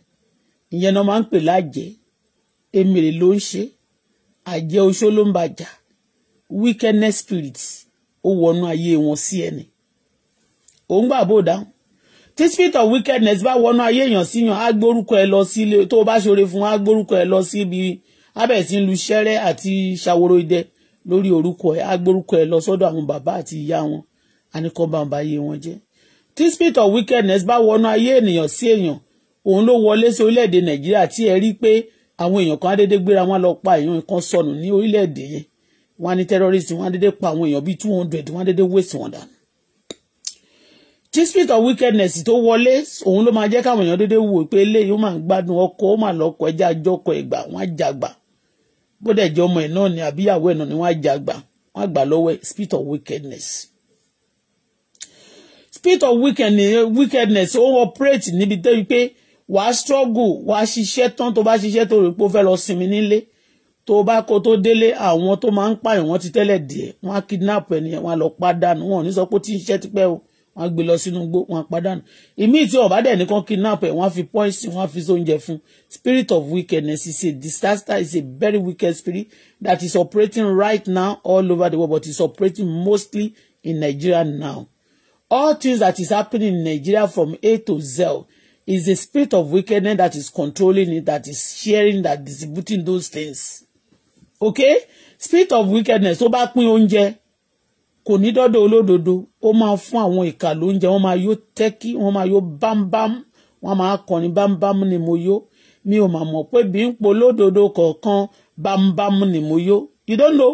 ìyẹn náà máa ń pè lájẹ èmèrè ló ń ṣe àjẹ oṣó ló ń bàjá wickedness spirit ó wọnú ayé wọn sí ẹni òun gbà bó dáhùn tí spirit of wickedness bá wọnú ayé èèyàn síyàn á gbórúkọ ẹ lọ sí ilé tó o bá ṣoore fún á gbórúkọ ẹ lọ sí ibi abẹ́ tí ń lu ṣẹ́rẹ́ àti ṣàwòrò idẹ lórí orúkọ ẹ á gbórúkọ ẹ lọ sọ́dọ̀ àwọn bàbá àti ìyá wọn àníkànbàǹbà ayé wọn jẹ́ tí spirit of wickedness bá wọnú ayé ènìyàn sí èèyàn òun ló wọlé sí orílẹ̀-èdè nàìjíríà tí ẹ rí pé àwọn èèyàn kan á dédé gbéra wọn lọ pa èèyàn kan sọnù ní orílẹ̀-èdè yẹn wọ́n á ní terrorist wọ́n á dédé pa àwọn èèyàn bíi two hundred wọ́n á dédé waste wọn dànù tí of wickedness tó wọlé òun ló máa jẹ́ káwọn èèyàn dédé wò pé eléyìí ó máa ń gbádùn ọkọ ó máa lọ́kọ ẹja àjọkọ ẹgbà wọ́n á jàgbà bó dẹ̀ jẹ́ ọmọ ẹ̀ náà ni àbíyàwó ẹ̀ náà ni wọ́n á jàgbà wọ́n lọ́wọ́ spirit of wickedness spirit of wickedness ó operate níbi tẹ́bi pé wàá struggle wàá ṣiṣẹ́ tán tó bá ṣiṣẹ́ tó rò pé ó fẹ́ lọ sinmi nílé tó bá kó tó délé àwọn tó máa ń pààyàn wọn ti tẹ́lẹ̀ díẹ̀ wọn á kidnap ẹnìyẹn wọn á lọ pàdánù wọn ò ní sọ pé ó ti ń ṣiṣẹ́ tipẹ́ o wọn á gbé lọ sínú igbó wọn á pàdánù ìmí tí ọ̀bá dẹ̀ nìkan kidnap ẹ̀ wọn á fi poison wọn á fi sóúnjẹ fún spirit of wickedness is a disaster is a very wicked spirit that is operating right now all over the world but is operating mostly in Nigeria now all things that is happening in Nigeria from A to Z is a spirit of wickedness that is controlling it that is sharing that distributing those things okay spirit of wickedness tó bá pín oúnjẹ kò ní dọ́dọ̀ olódodo ó máa fún àwọn ìkà lóúnjẹ wọ́n máa yó tẹ́kí wọ́n máa yó bámbám wọ́n máa kọrin bámbám ni mo yó mi ò mà mọ̀ pé bí ń po lódodo kọ̀ọ̀kan bámbám ni mo yó you don't know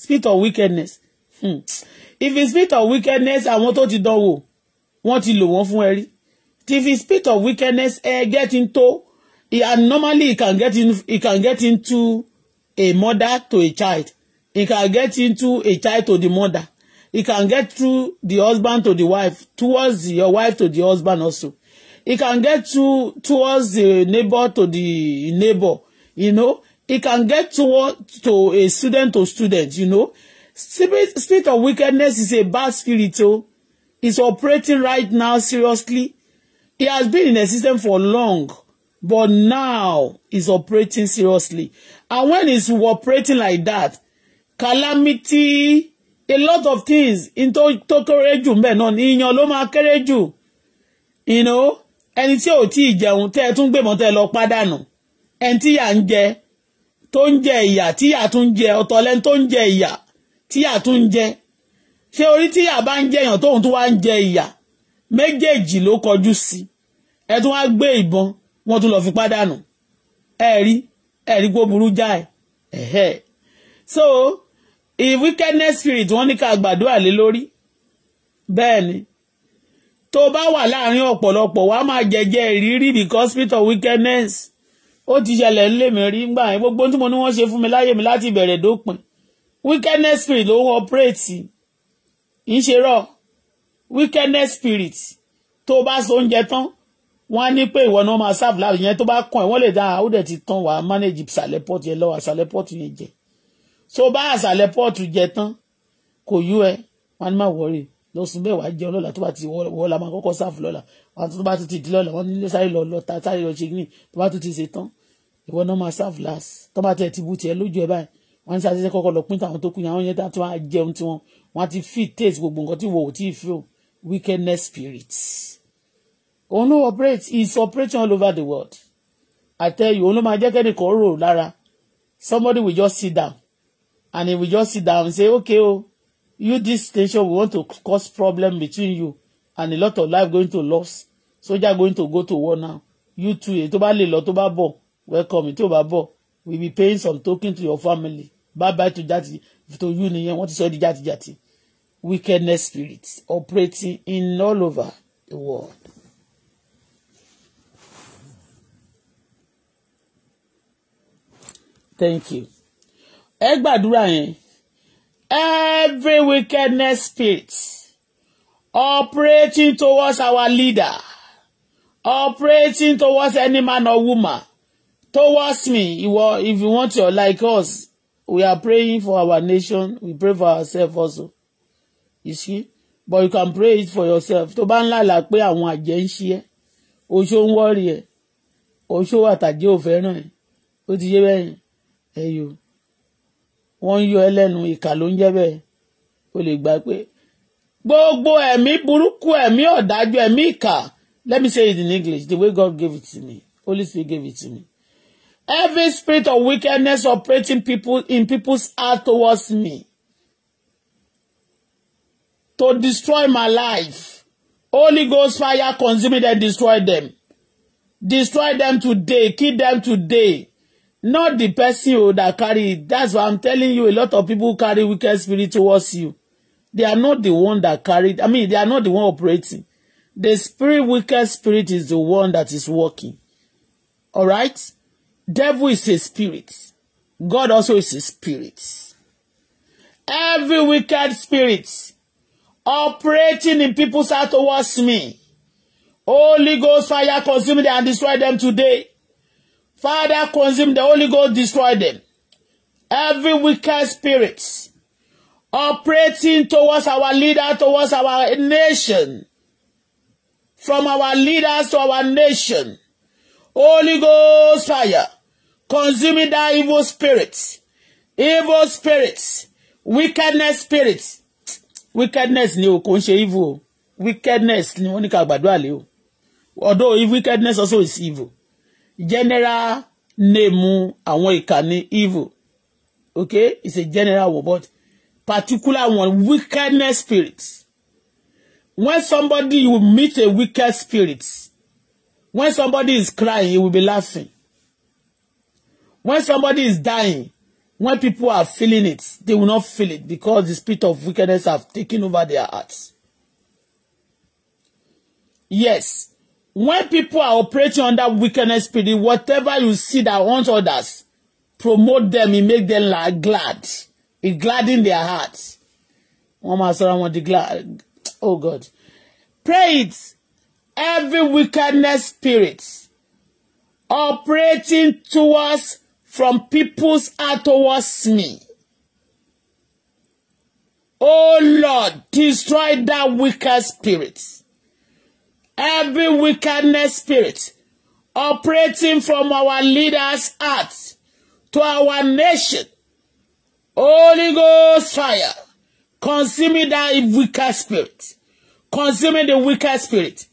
spirit of wickedness hmm. if it's spirit of wickedness àwọn tó ti dánwò wọ́n ti lò wọ́n fún ẹ rí if it's spirit of wickedness ẹ eh, get into and normally it can get in it can get into a mother to a child it can get into a child to the mother it can get through the husband to the wife towards the, your wife to the husband also it can get through towards the neighbor to the neighbor you know it can get toward to a student to student you know spirit spirit of wickedness is a bad spirit o oh. it's operating right now seriously it has been in the system for long but now it's operating seriously And when it's operating like that, calamity, a lot of things, into tó kéré jù mbẹ̀ náà, ìyàn ló máa You know, And it's your tí ì jẹun tẹ́ ẹ tún gbé mọ́ tẹ́ ẹ lọ pàdánù. Ẹni tí yà ń jẹ, tó ń jẹ ìyà, tí yà tún jẹ, ọ̀tọ̀ lẹ́ni tó ń jẹ ìyà, tí yà tún jẹ. Ṣé orí tí yà bá ń jẹ èèyàn ẹ̀rí gbó burú jáì so wickedness spirit wọ́n ní ká gbàdúrà lé lórí bẹ́ẹ̀ ni tó bá wà láàrin ọ̀pọ̀lọpọ̀ wàá máa jẹjẹ ìrírí because spirit wickedness ó ti ṣẹlẹ̀ ńlẹ̀ mi rí gbà yẹn gbogbo tí mo ní wọ́n ṣe fún mi láyé mi láti ìbẹ̀rẹ̀ dópin wickedness spirit ló ń operate ń ṣe rọ wickedness spirit tó bá so oúnjẹ tán wọ́n á ní pé ìwọ náà máa serve láàbù yẹn tó bá kàn ẹ́ wọ́n lè dáa ó dẹ̀ ti tán wàá manage ìsàlẹ̀ pọ́ọ̀tù yẹn lọ́wọ́ ìsàlẹ̀ pọ́ọ̀tù yẹn jẹ so bá ìsàlẹ̀ pọ́ọ̀tù jẹ tán kò yú ẹ wọ́n á ní má wọrí lọ sùn bẹ́ẹ̀ wàá jẹun lọ́la tó bá ti wọ́ la máa kọ́kọ́ serve lọ́la wọ́n tó bá ti ti di lọ́la wọ́n nílé sáré lọ lọ ta sáré lọ ṣe green tó bá tó ti ṣe tán ìwọ náà máa serve last tó bá tẹ̀ ti bu tiẹ̀ lójú ẹ báyìí wọ́n ti ṣàṣeṣe òun ló operate is operating all over the world I tell you òun ló máa jẹ́ kẹ́nìkan rò lára somebody will just sit down and he will just sit down and say okay oh, you this station, we want to cause problem between you and a lot of life going to loss are going to go to war now you too èyí eh, tó bá lè lọ tó bá bọ̀ welcome èyí bo, bá we be paying some token to your family bye bye to jati to you nìyẹn wọ́n ti sọ di jati jati wickedness spirits operating in all over the world. thank you ẹ gbàdúrà yẹn every wickedness spirit operating towards our leader operating towards any man or woman towards me iwọ if you want your like us we are praying for our nation we pray for ourselves also you see but you can pray it for yourself tó bá ń lálàá pé àwọn àjẹ́ ń ṣí ẹ oṣó ń wọ́ọ̀rì ẹ oṣó àtàjẹ́ ò fẹ́ràn ó ti yé bẹ́yìn ẹyọ wọ́n ń yọ ẹlẹ́nu ìkà ló ń jẹ́ bẹ́ẹ̀ o lè gbà pé gbogbo ẹ̀mí burúkú ẹ̀mí ọ̀dájú ẹ̀mí ìkà let me say it in English the way God gave it to me Holy Spirit gave it to me every spirit of wickedness operating people in people's heart towards me to destroy my life Holy Ghost fire consume them destroy them destroy them today kill them today not the person who oh, that carry it that's why i'm telling you a lot of people carry wicked spirit towards you they are not the one that carried i mean they are not the one operating the spirit wicked spirit is the one that is working all right devil is a spirit god also is a spirit every wicked spirit operating in people's heart towards me holy ghost fire consume them and destroy them today Father, consume the Holy Ghost, destroy them. Every wicked spirit operating towards our leader, towards our nation, from our leaders to our nation. Holy Ghost fire, consuming that evil spirit, evil spirits, wickedness spirits, Wickedness ni o kò evil Wickedness ni wọ́n ní ká gbàdúrà lé o. Although wickedness also is evil general name àwọn ìkànnì evil okay it's a general word but particular one wickedness spirits when somebody you meet a wicked spirit when somebody is crying you will be laughing when somebody is dying when people are feeling it they will not feel it because the spirit of wickedness have taken over their hearts yes when people are operating under wickedness spirit whatever you see that want others promote them e make them like glad e gladden their heart wọ́n máa sọra wọn di glad oh god pray it every wickedness spirit operating towards from people's heart towards me oh lord destroy that wicked spirit every wickedness spirit operating from our leaders' hearts to our nation. Holy Ghost fire, consuming that wicked spirit, consuming the wicked spirit.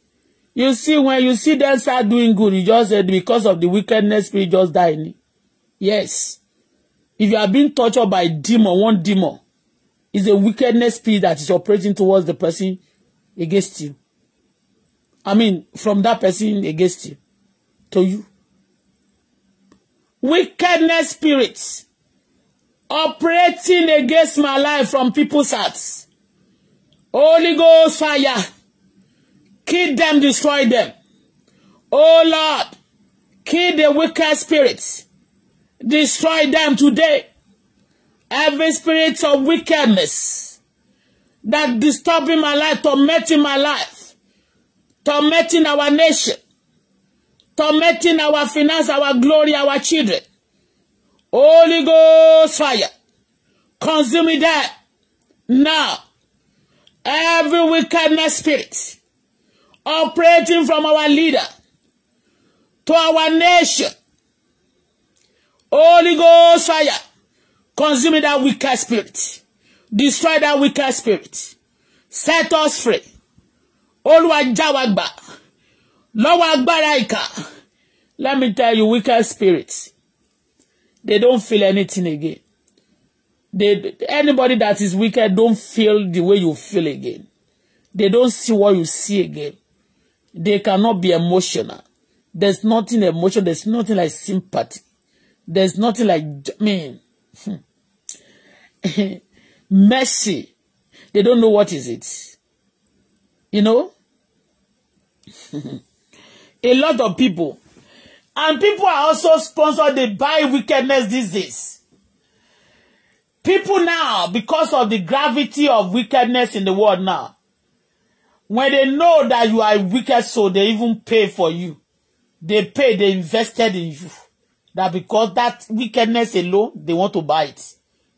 You see, when you see them start doing good, you just said because of the wickedness spirit just dying. Yes. If you are being tortured by demon, one demon, is a wickedness spirit that is operating towards the person against you. I mean, from that person against you to you. Wickedness spirits operating against my life from people's hearts. Holy Ghost fire. Kill them, destroy them. Oh Lord, kill the wicked spirits. Destroy them today. Every spirit of wickedness that disturbing my life, tormenting my life tormenting our nation, tormenting our finance, our glory, our children. Holy Ghost fire, consume it that now. Every wickedness spirit operating from our leader to our nation, Holy Ghost fire, consume that wicked spirit, destroy that wicked spirit, set us free olúwa já wa gbà lọ́wọ́ agbára ìkà let me tell you wicked spirits they don't feel anything again they anybody that is wicked don't feel the way you feel again they don't see what you see again they cannot be emotional there's nothing emotional there's nothing like sympathy there's nothing like I mean hmm. mercy they don't know what is it You know? a lot of people. And people are also sponsored, they buy wickedness disease. People now, because of the gravity of wickedness in the world now, when they know that you are a wicked soul, they even pay for you. They pay, they invested in you. That because that wickedness alone, they want to buy it.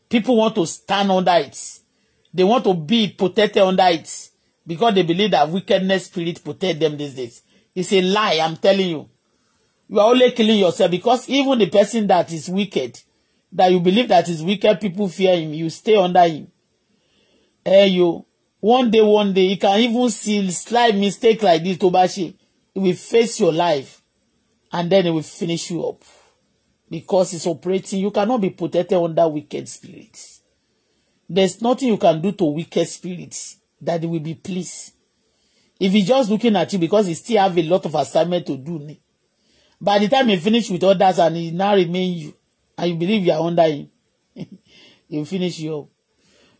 People want to stand under it. They want to be protected under it because they believe that wickedness spirit protect them these days. It's a lie, I'm telling you. You are only killing yourself because even the person that is wicked, that you believe that is wicked, people fear him, you stay under him. Hey eh, you, one day, one day, you can even see slight mistake like this, Tobashi. It will face your life and then it will finish you up because it's operating. You cannot be protected under wicked spirits. There's nothing you can do to wicked spirits that they will be pleased. If he's just looking at you because he still have a lot of assignment to do. By the time he finish with others and he now remain you, and you believe you are under him, he will finish you up.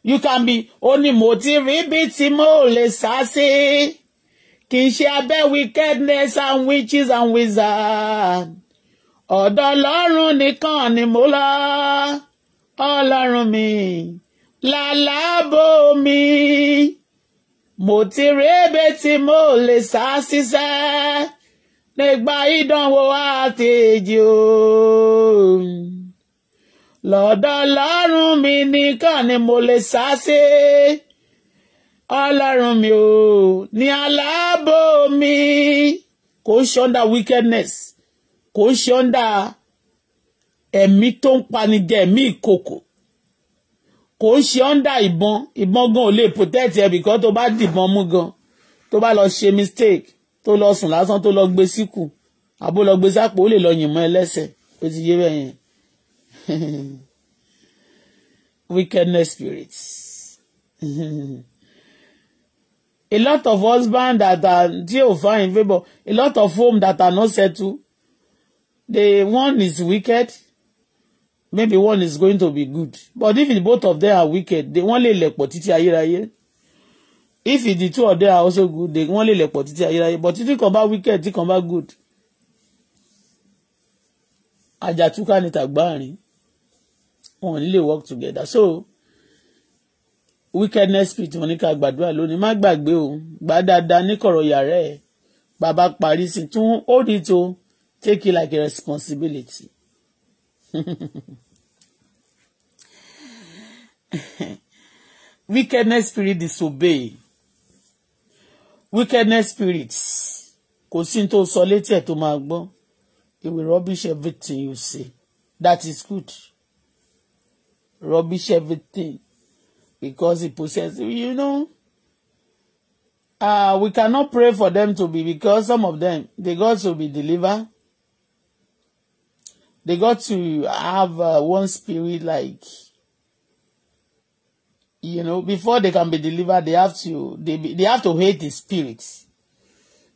You can be only motive biti mo le sase. Kì í ṣe wickedness and witches and wizards. Lord Ọlọ́run nìkan ni mo lọ. Ọlọ́run la làlábò mi mo ti rébé tí mo lè sá ṣiṣẹ́ nígbà ìdánwò àtẹ̀jì o. lọ́dọ̀ ọlọ́run mi nìkan ni mo lè sá sí ọlọ́run mi ò ní aláàbò mi kò ṣe under wickedness kò ń ṣe under ẹ̀mí tó ń panijẹ́ ẹ̀mí ìkòkò kò ń ṣe ọ́ndà ìbọn ìbọn gan ò lè protect ẹ because tó bá dìbọn mú gan tó bá lọ ṣe mistake tó lọ sùn lásán tó lọ gbé síkù àbó lọ gbé sápò ó lè lọ yìnbọn ẹlẹ́sẹ̀ ó ti yé bẹ́ẹ̀ wickedness spirits. a lot of husband that are tí ò fa in favour a lot of home that are not settled the one is wicked maybe one is going to be good but if both of them are wicked they wọ́n lè lẹ̀pọ̀ títí ayérayé if the two of them are also good they wọ́n lè lẹ̀pọ̀ títí ayérayé but títí kan bá wicked you kan bá good Ajatuka ni tagbani, only work together so wickedness spirit wọn ní ká gbàdúrà lónìí má gbàgbé o gbà dáadáa ní kọ̀rọ̀ yàrá ẹ̀ bàbá parí sí tún take it like a responsibility. wickedness spirit disobey wickedness spirit kò sí ní tó sọ létí ẹ̀ tó máa gbọ́ it will rubbish everything you say that is good rubbish everything because he possess you know uh, we cannot pray for them to be because some of them they got to be deliver. they got to have uh, one spirit like you know before they can be delivered they have to they they have to hate the spirits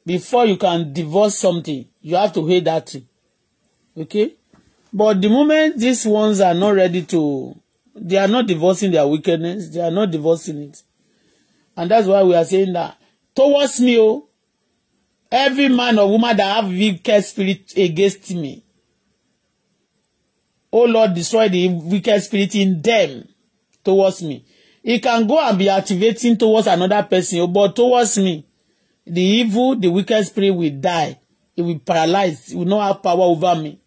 before you can divorce something you have to hate that thing, okay but the moment these ones are not ready to they are not divorcing their wickedness they are not divorcing it and that's why we are saying that towards me oh, every man or woman that have wicked spirit against me oh Lord destroy the wicked spirit in them towards me It can go and be activating towards another person, but towards me, the evil, the wicked spirit will die. It will paralyze. It will not have power over me.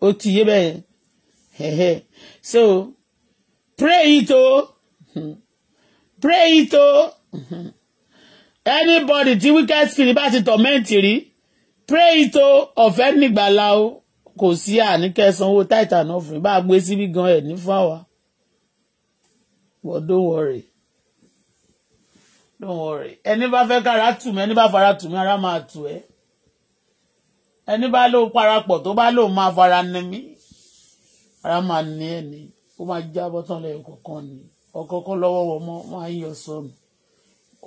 O ti yé bẹ́ẹ̀. Hehe. So, pray it o. Pray it o. Anybody tí wicked spirit bá ti torment rí, pray it o. Ọ̀fẹ́ nígbàlá o. Kò sí àníkẹ́sanwó táìtàn náà fún mi. Bá a gbé síbí gan ẹ̀ ní fún àwa but don't worry don't worry ẹni bá fẹ́ kára tù mí ẹni bá fara tù mí ara máa tù ẹ́ ẹni bá lóun parapọ̀ tó bá lóun máa fara ni mí ara máa ní ẹ ni ó máa jábọ́ tán lẹ́yìn kọ̀ọ̀kan ni ọ̀kọ̀ọ̀kan lọ́wọ́ wọn mọ́ máa ń yọ sọnù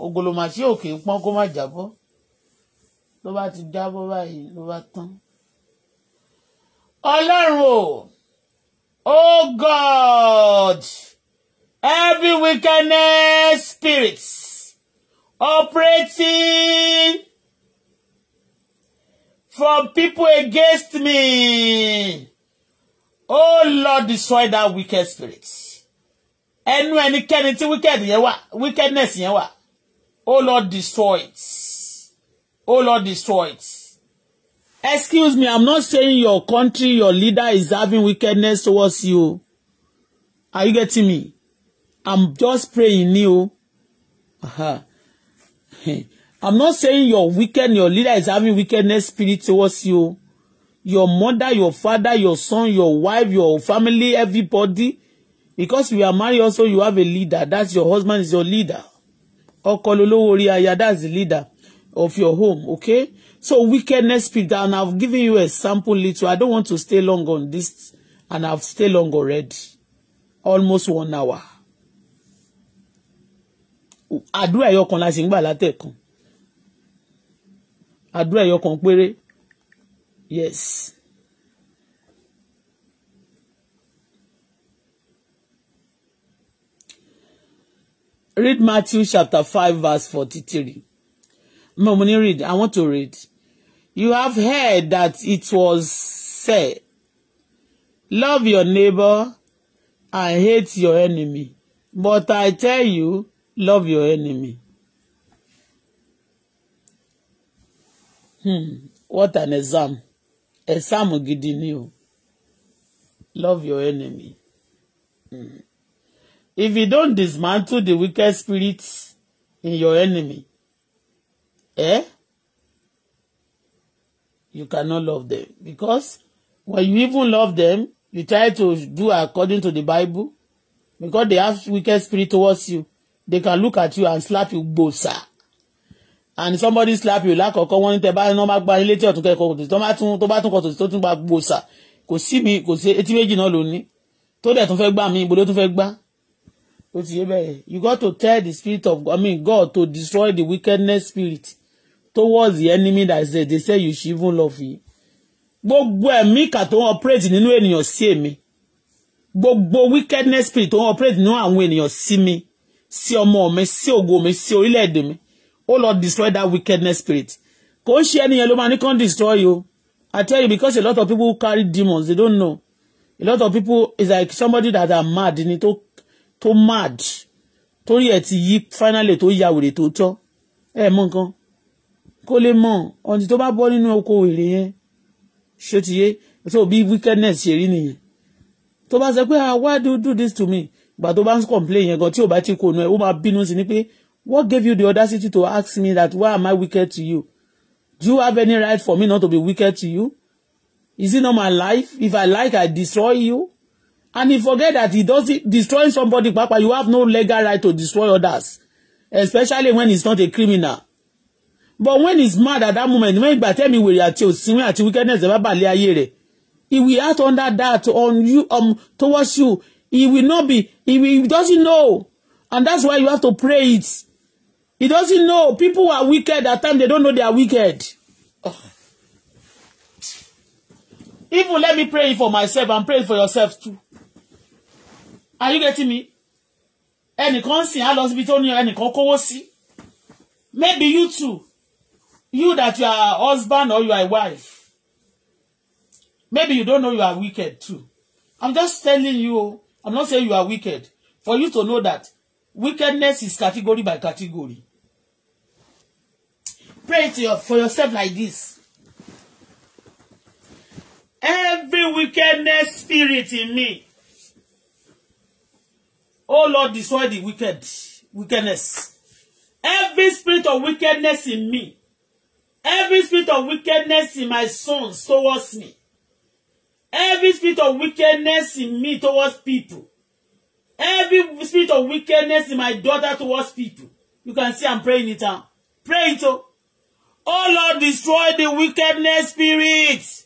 ògòlòmàṣí òkè ń pọ́n kó má jábọ́ ló bá ti jábọ́ báyìí ló bá tán. ọlọ́run o oh god. Every wickedness spirits operating from people against me. Oh Lord, destroy that wicked spirit. Ẹnu ẹnikẹ́ni tí wicked yẹn wà, wickedness yẹn wà. Oh Lord, destroy it. Oh Lord, destroy it. Excuse me, I'm not saying your country, your leader is having wickedness towards you. Are you getting me? i'm just praying ni o i'm not saying your wicked your leader is having wickedness spirit towards you your mother your father your son your wife your family everybody because we are married also you have a leader that's your husband is your leader ọkọ lolówó orí aya that's the leader of your home okay so wickedness spirit and i've given you a sample little i don't want to stay long on this and i've stayed long already almost one hour àdúrà ẹyọkan la sì ń gbà látẹ̀kan àdúrà ẹyọkan péré yes. Read Matthew chapter five verse forty 43. Momoni read. I want to read. You have heard that it was said, Love your neighbor and hate your enemy. But I tell you, love your enemy. Hmm, what an exam. Exam gidi ni o. Love your enemy. Hmm. If you don't dismantle the wicked spirits in your enemy, eh? You cannot love them because when you even love them, you try to do according to the Bible because they have wicked spirit towards you they can look at you and slap you gbòòsà and somebody slap you lákọ̀ọ́kọ́ wọ́n ní tẹ́ bá ní wọ́n bá gba ilé tí ọ̀tún kẹ́kọ̀ọ́ kò tó bá tún kọ̀ tó tún gba gbòòsà kò sí mi kò sí etí méjì náà ló ní tó dẹ̀ tún fẹ́ gbá mi ibo ló tún fẹ́ gbá ó ti yé bẹ́ẹ̀ you got to tell the spirit of God, I mean God to destroy the wickedness spirit towards the enemy that is there they say you should even love him gbogbo ẹ̀mí kà tó ń operate nínú ènìyàn sí èmi gbogbo wickedness spirit tó ń operate nínú àwọn ènìyàn sí mi sí ọmọ mi sí ògo mi sí orílẹ̀-èdè mi oh lord destroy that wickedness spirit kò ń ṣe ẹnìyẹn ló máa ní kàn destroy you i tell you because a lot of people carry demons they don't know a lot of people is like somebody that are mad ni to to mad torí ẹ ti yí finally tó ya wèrè tó tọ́ ẹ mọ̀ nǹkan kó lè mọ̀ ọ̀nì tó bá bọ́ nínú oko wèrè yẹn ṣó ti yé tó bí wickedness ṣe rí nìyẹn tó bá sọ pé ah why do you do this to me gbà tó bá ń complain yẹn gan tí ò bá ti kò nu ẹ ó máa bínú sí ni pé what gave you the audacity to ask me that why am I wicked to you do you have any right for me not to be wicked to you is it not my life if I like I destroy you and he forget that he doesn't destroy somebody papa you have no legal right to destroy others especially when he's not a criminal but when he's mad at that moment when ìgbà tẹ́mi wèrè àti òsínwé àti wickedness ẹ̀ bá balẹ̀ ayé rẹ̀ he will act under that on you um, towards you He will not be, he, will, he doesn't know. And that's why you have to pray it. He doesn't know. People are wicked at times, they don't know they are wicked. Oh. Even let me pray for myself and pray for yourself too. Are you getting me? Any sìn I lost síbi tó ní ẹnìkan Maybe you too. You that you are husband or you are wife. Maybe you don't know you are wicked too. I'm just telling you. Oh. I'm not saying you are wicked. For you to know that wickedness is category by category. Pray to your, for yourself like this. Every wickedness spirit in me. Oh Lord, destroy the wicked wickedness. Every spirit of wickedness in me. Every spirit of wickedness in my sons towards me. Every spirit of wickedness in me towards people. Every spirit of wickedness in my daughter towards people. You can see I'm praying it out. Pray it out. Oh Lord, destroy the wickedness spirit.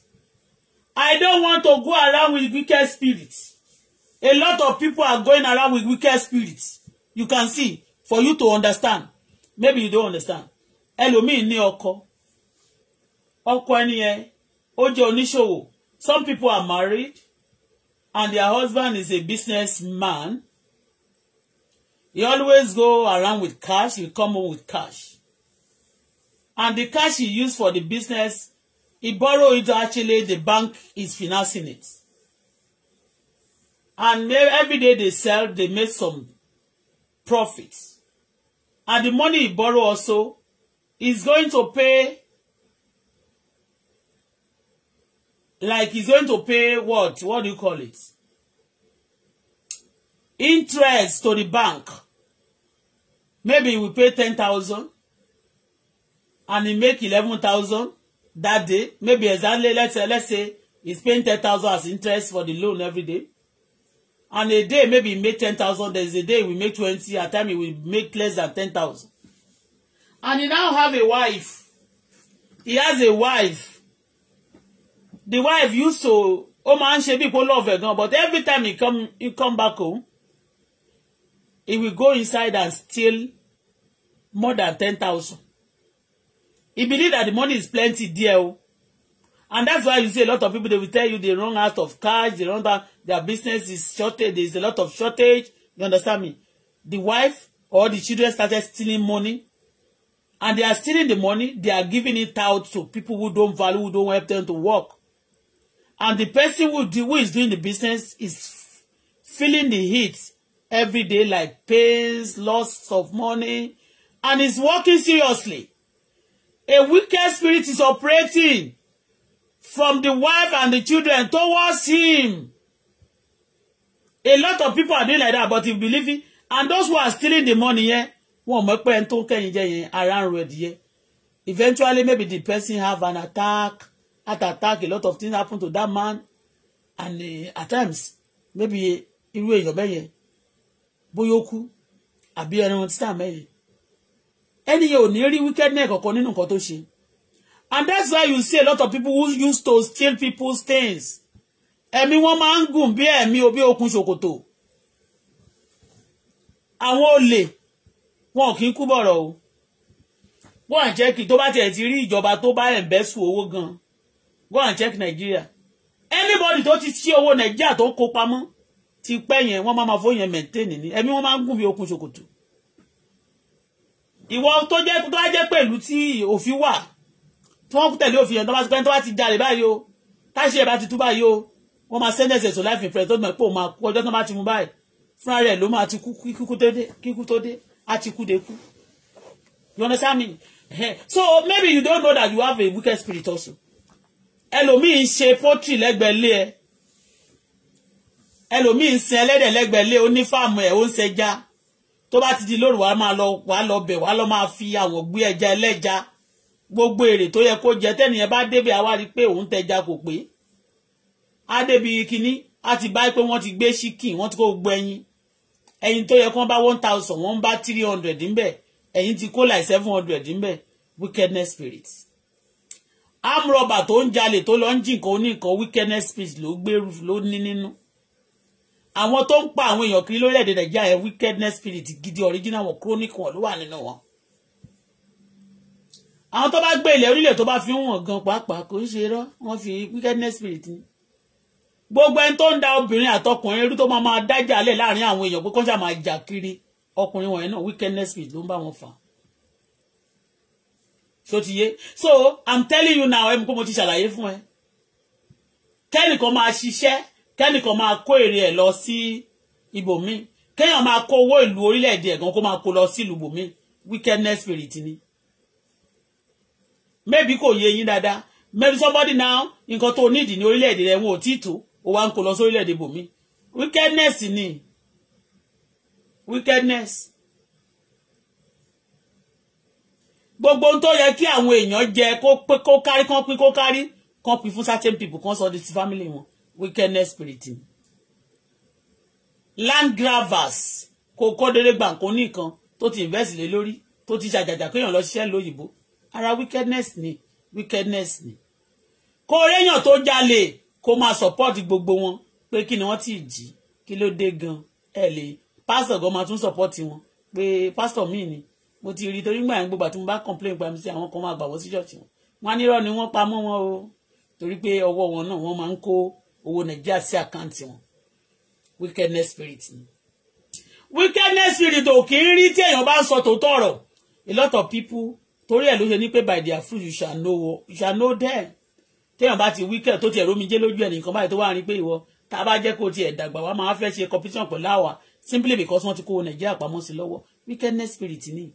I don't want to go around with wicked spirits. A lot of people are going around with wicked spirits. You can see, for you to understand. Maybe you don't understand. Ẹlòmíì me ni oko. ẹni yẹn, ó jẹ́ oníṣòwò. Some people are married and their husband is a businessman. He always go around with cash. He come home with cash. And the cash he used for the business, he borrow it actually the bank is financing it. And every day they sell, they make some profits. And the money he borrow also is going to pay like he's going to pay what what do you call it interest to the bank maybe we pay ten thousand and he make eleven thousand that day maybe exactly let's say let's say he's paying ten thousand as interest for the loan every day and a day maybe he make ten thousand there's a day we make twenty at time he will make less than ten thousand and he now have a wife he has a wife the wife used to ó máa ń ṣe bí ipò love ẹ̀ gan but every time he come he come back home he will go inside and steal more than ten thousand he believe that the money is plenty there o and that's why you see a lot of people they will tell you they run out of cash they run down their business is shortage there is a lot of shortage you understand me the wife or the children started stealing money and they are stealing the money they are giving it out to people who don't value who don't help them to work and the person who, do, who is doing the business is feeling the heat every day like pains, loss of money, and is working seriously. A wicked spirit is operating from the wife and the children towards him. A lot of people are doing like that, but if believing, and those who are stealing the money yẹn, Eventually, maybe the person have an attack At attack a lot of things happen to that man and uh, at times maybe irú èèyàn bẹ́ẹ̀ yẹn bóyá ó kú àbí ẹran títà mẹ́yìn ẹni yẹn ò ní rí wickedness kankan nínú nǹkan tó ṣe and that's why you see a lot of people who use to steal people's things ẹ̀mí wọn máa ń gùn bí ẹ̀mí òbí okùn ṣòkòtò àwọn olè wọn kì í kú bọ̀rọ̀ o wọn àjẹ́ kí tó bá tiẹ̀ ti rí ìjọba tó bá ẹ̀ ń bẹ́ owó gan-an go and check Nigeria anybody tó ti ṣí owó Nigeria tó kó pamọ́ ti pẹ́ yẹn wọ́n máa ma yẹn maintain ni ẹ̀mí wọ́n máa ń gùn bí okùn ṣòkòtò ìwọ tó jẹ́ tó bá jẹ́ pẹ̀lú tí òfin wà tí wọ́n tẹ̀lé òfin yẹn tó bá ti pẹ́ tó bá ti jalè báyìí o táṣì ẹ̀ bá ti tú báyìí o wọ́n máa sẹ́ńdẹ̀ sẹ̀sọ̀ láì fìfẹ́ tó mọ̀ pé òun máa kú ọjọ́ tó bá ti mú báyìí fúnra rẹ̀ ló máa ti kú kíkú tó dé á ti kú dé kú you understand me so maybe you don't know that you have a wicked spirit also ẹlòmíì ń ṣe pọ́tì lẹ́gbẹ̀ẹ́lé ẹ ẹlòmíì ń sin ẹlẹ́dẹ̀ lẹ́gbẹ̀ẹ́lé ó ní fáàmù ẹ̀ ó ń ṣẹja tó bá ti di lóru wàá máa lọ wàá lọ bẹ̀ wàá lọ máa fi àwọ̀ gbé ẹja ẹlẹ́ja gbogbo èrè tó yẹ kó jẹ tẹ́nìyẹn bá débẹ̀ àwa pé òun tẹja kò pé á débi kínní á ti báyìí pé wọ́n ti gbé ṣíkìn wọ́n ti kó gbogbo ẹyin ẹyin tó yẹ kó bá one thousand wọ́n bá three hundred ńbẹ̀ ẹyin ti kó láì seven hundred ńbẹ̀ wickedness spirits amrọ̀bà tó ń jalè tó lọ ń jì nǹkan oníkan wickedness speech ló gbèrú ló ní nínú àwọn tó ń pa àwọn èèyàn kiri lórílẹ̀‐èdè nàìjíríà yẹn wickedness spirit gidi original wọn chronic wọn ló wà nínú wọn àwọn tó bá gbé ilẹ̀ orílẹ̀ tó bá fi ń wọ̀n gan pàápàá kò ń ṣe rọ́ wọ́n fi wickedness spirit ni gbogbo ẹni tó ń da obìnrin àtọkùnrin irú tó máa máa dájà lẹ̀ láàrin àwọn èèyàn pé kọ́ńtà máa jà kiri ọkùnrin wọ̀nyẹn náà wickedness spirit ló ń bá wọn fà á ṣó ti yé so i'm telling you now ẹmu kó mo ti ṣàlàyé fún ẹ kẹ́nìkan máa ṣiṣẹ́ kẹ́nìkan máa kó èrè ẹ̀ lọ sí ibòmíì kéèyàn máa kó owó ìlú orílẹ̀-èdè ẹ̀gàn kó máa kó lọ sí ìlú ibòmíì wickedness spirit ni maybe kò ye yín dáadáa maybe somebody now nǹkan to need ní orílẹ̀-èdè rẹ̀ wọn ò tí tó o wá ń kó lọ sí orílẹ̀-èdè ibòmíì wickedness ni wickedness. gbogbo ohun tó yẹ kí àwọn èèyàn jẹ kó pé kó kárí kán pín kó kárí kán pín fún certain people kán sọ di ti family wọn wickedness spirit land grabbers kò kọ́ dédé gbà kó ní nǹkan tó ti invest lé lórí tó ti ṣàjàjà kéèyàn lọ ṣiṣẹ́ lóyìnbó ara wickedness ni wickedness ni kó réèyàn tó jalè kó máa support gbogbo wọn pé kí ni wọ́n ti jí kí ló dé gan ẹ̀ lè pásítọ̀ gan máa tún support wọn pé pásítọ̀ míì ni mo ti rí torí gbàyàn gbogbo àti mo bá complain pa mi sí àwọn kan máa gbàwọ́ sí ṣọ́ọ̀ṣì wọn wọn á nírọ̀ ni wọ́n pamọ́ wọn o torí pé ọwọ́ wọn náà wọ́n máa ń kó owó nàìjíríà sí àkáǹtì wọn wickedness spirit ni wickedness spirit ò kì í rí tí èèyàn bá ń sọ tòótọ́ ọ̀rọ̀ a lot of people torí ẹ̀ ló ṣe ní pé by their fruit you shall know you shall know them téèyàn bá ti wicked tó tiẹ̀ rómi jẹ́ lójú ẹ̀ nìkan báyìí tó wà ní pé ìwọ tá a bá jẹ́ kó tiẹ̀ dàgbà wá máa fẹ́ ṣe competition pẹ̀lú àwa simply because wọ́n ti kó nàìjíríà pamọ́ sí lọ́wọ́ wickedness spirit ni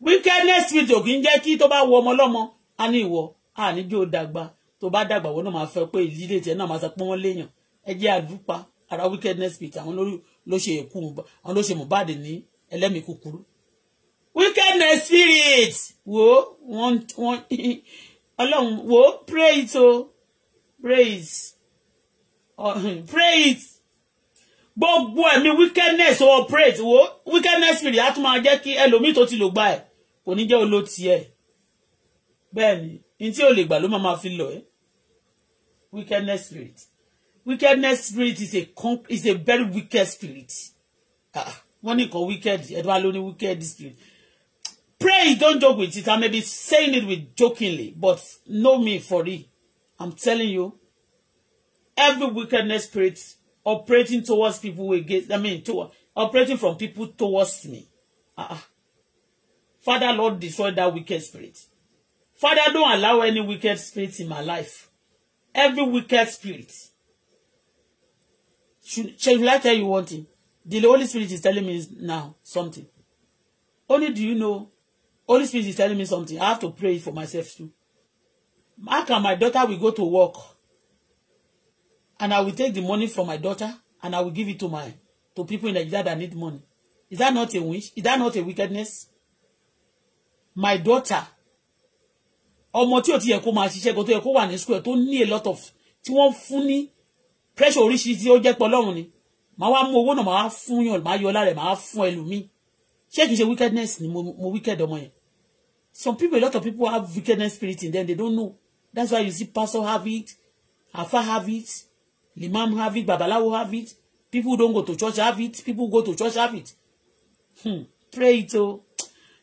wickedness spirit ò kì í jẹ́ kí tó bá wọ ọmọ lọ́mọ á ní ìwọ á ní jó dàgbà tó bá dàgbà wọn náà máa fẹ́ pé ìdílé tiẹ̀ náà máa sọ pé wọ́n léèyàn ẹ jẹ́ àdúpà ara wickedness spirit àwọn lórí ló ṣe èkú àwọn ló ṣe Mohbad ní ẹlẹ́mìí kúkúrú wickedness spirit wo wọ́n wọ́n ọlọ́run wo pray it o pray it pray it gbogbo ẹ̀mí wickedness o operate wo wickedness spirit á tún máa jẹ́ kí ẹlòmíì tó ti lò gbà ẹ̀ kò ní jẹ́ olóòtí ẹ̀ bẹ́ẹ̀ ni ní tí ò lè gbà ló máa ma fi lọ ẹ́ eh? wickedness spirit wickedness spirit is a is a very wicked spirit ah wọ́n ní kan wicked ẹ̀dá ló ní wicked spirit pray don't joke with it i may be saying it with jokingly but know me for real i'm telling you every wickedness spirit operating towards people against i mean towards operating from people towards me ah. Uh -uh. Father, Lord, destroy that wicked spirit. Father, don't allow any wicked spirit in my life. Every wicked spirit. Should, should I tell you one thing? The Holy Spirit is telling me now something. Only do you know, Holy Spirit is telling me something. I have to pray for myself too. How can my daughter will go to work? And I will take the money from my daughter and I will give it to my to people in Nigeria that need money. Is that not a wish? Is that not a wickedness? my daughter ọmọ tí ò ti yẹ kó máa ṣiṣẹ́ kan tó yẹ kó wà ní school tó ní a lot of tí wọ́n fún ní pressure oríṣiríṣi tí ó jẹ́ pé Ọlọ́run ni màá wá mú owó náà màá fún yàn màá yọ lára màá fún ẹlòmíì ṣé kìí ṣe wickedness ni mo, mo wicked ọmọ yẹn some people a lot of people have wickedness spirit in them they don't know that's why you see pastor have it afa have it limam have it Babalawo have it people who don't go to church have it people go to church have it hmm, pray it o. Oh.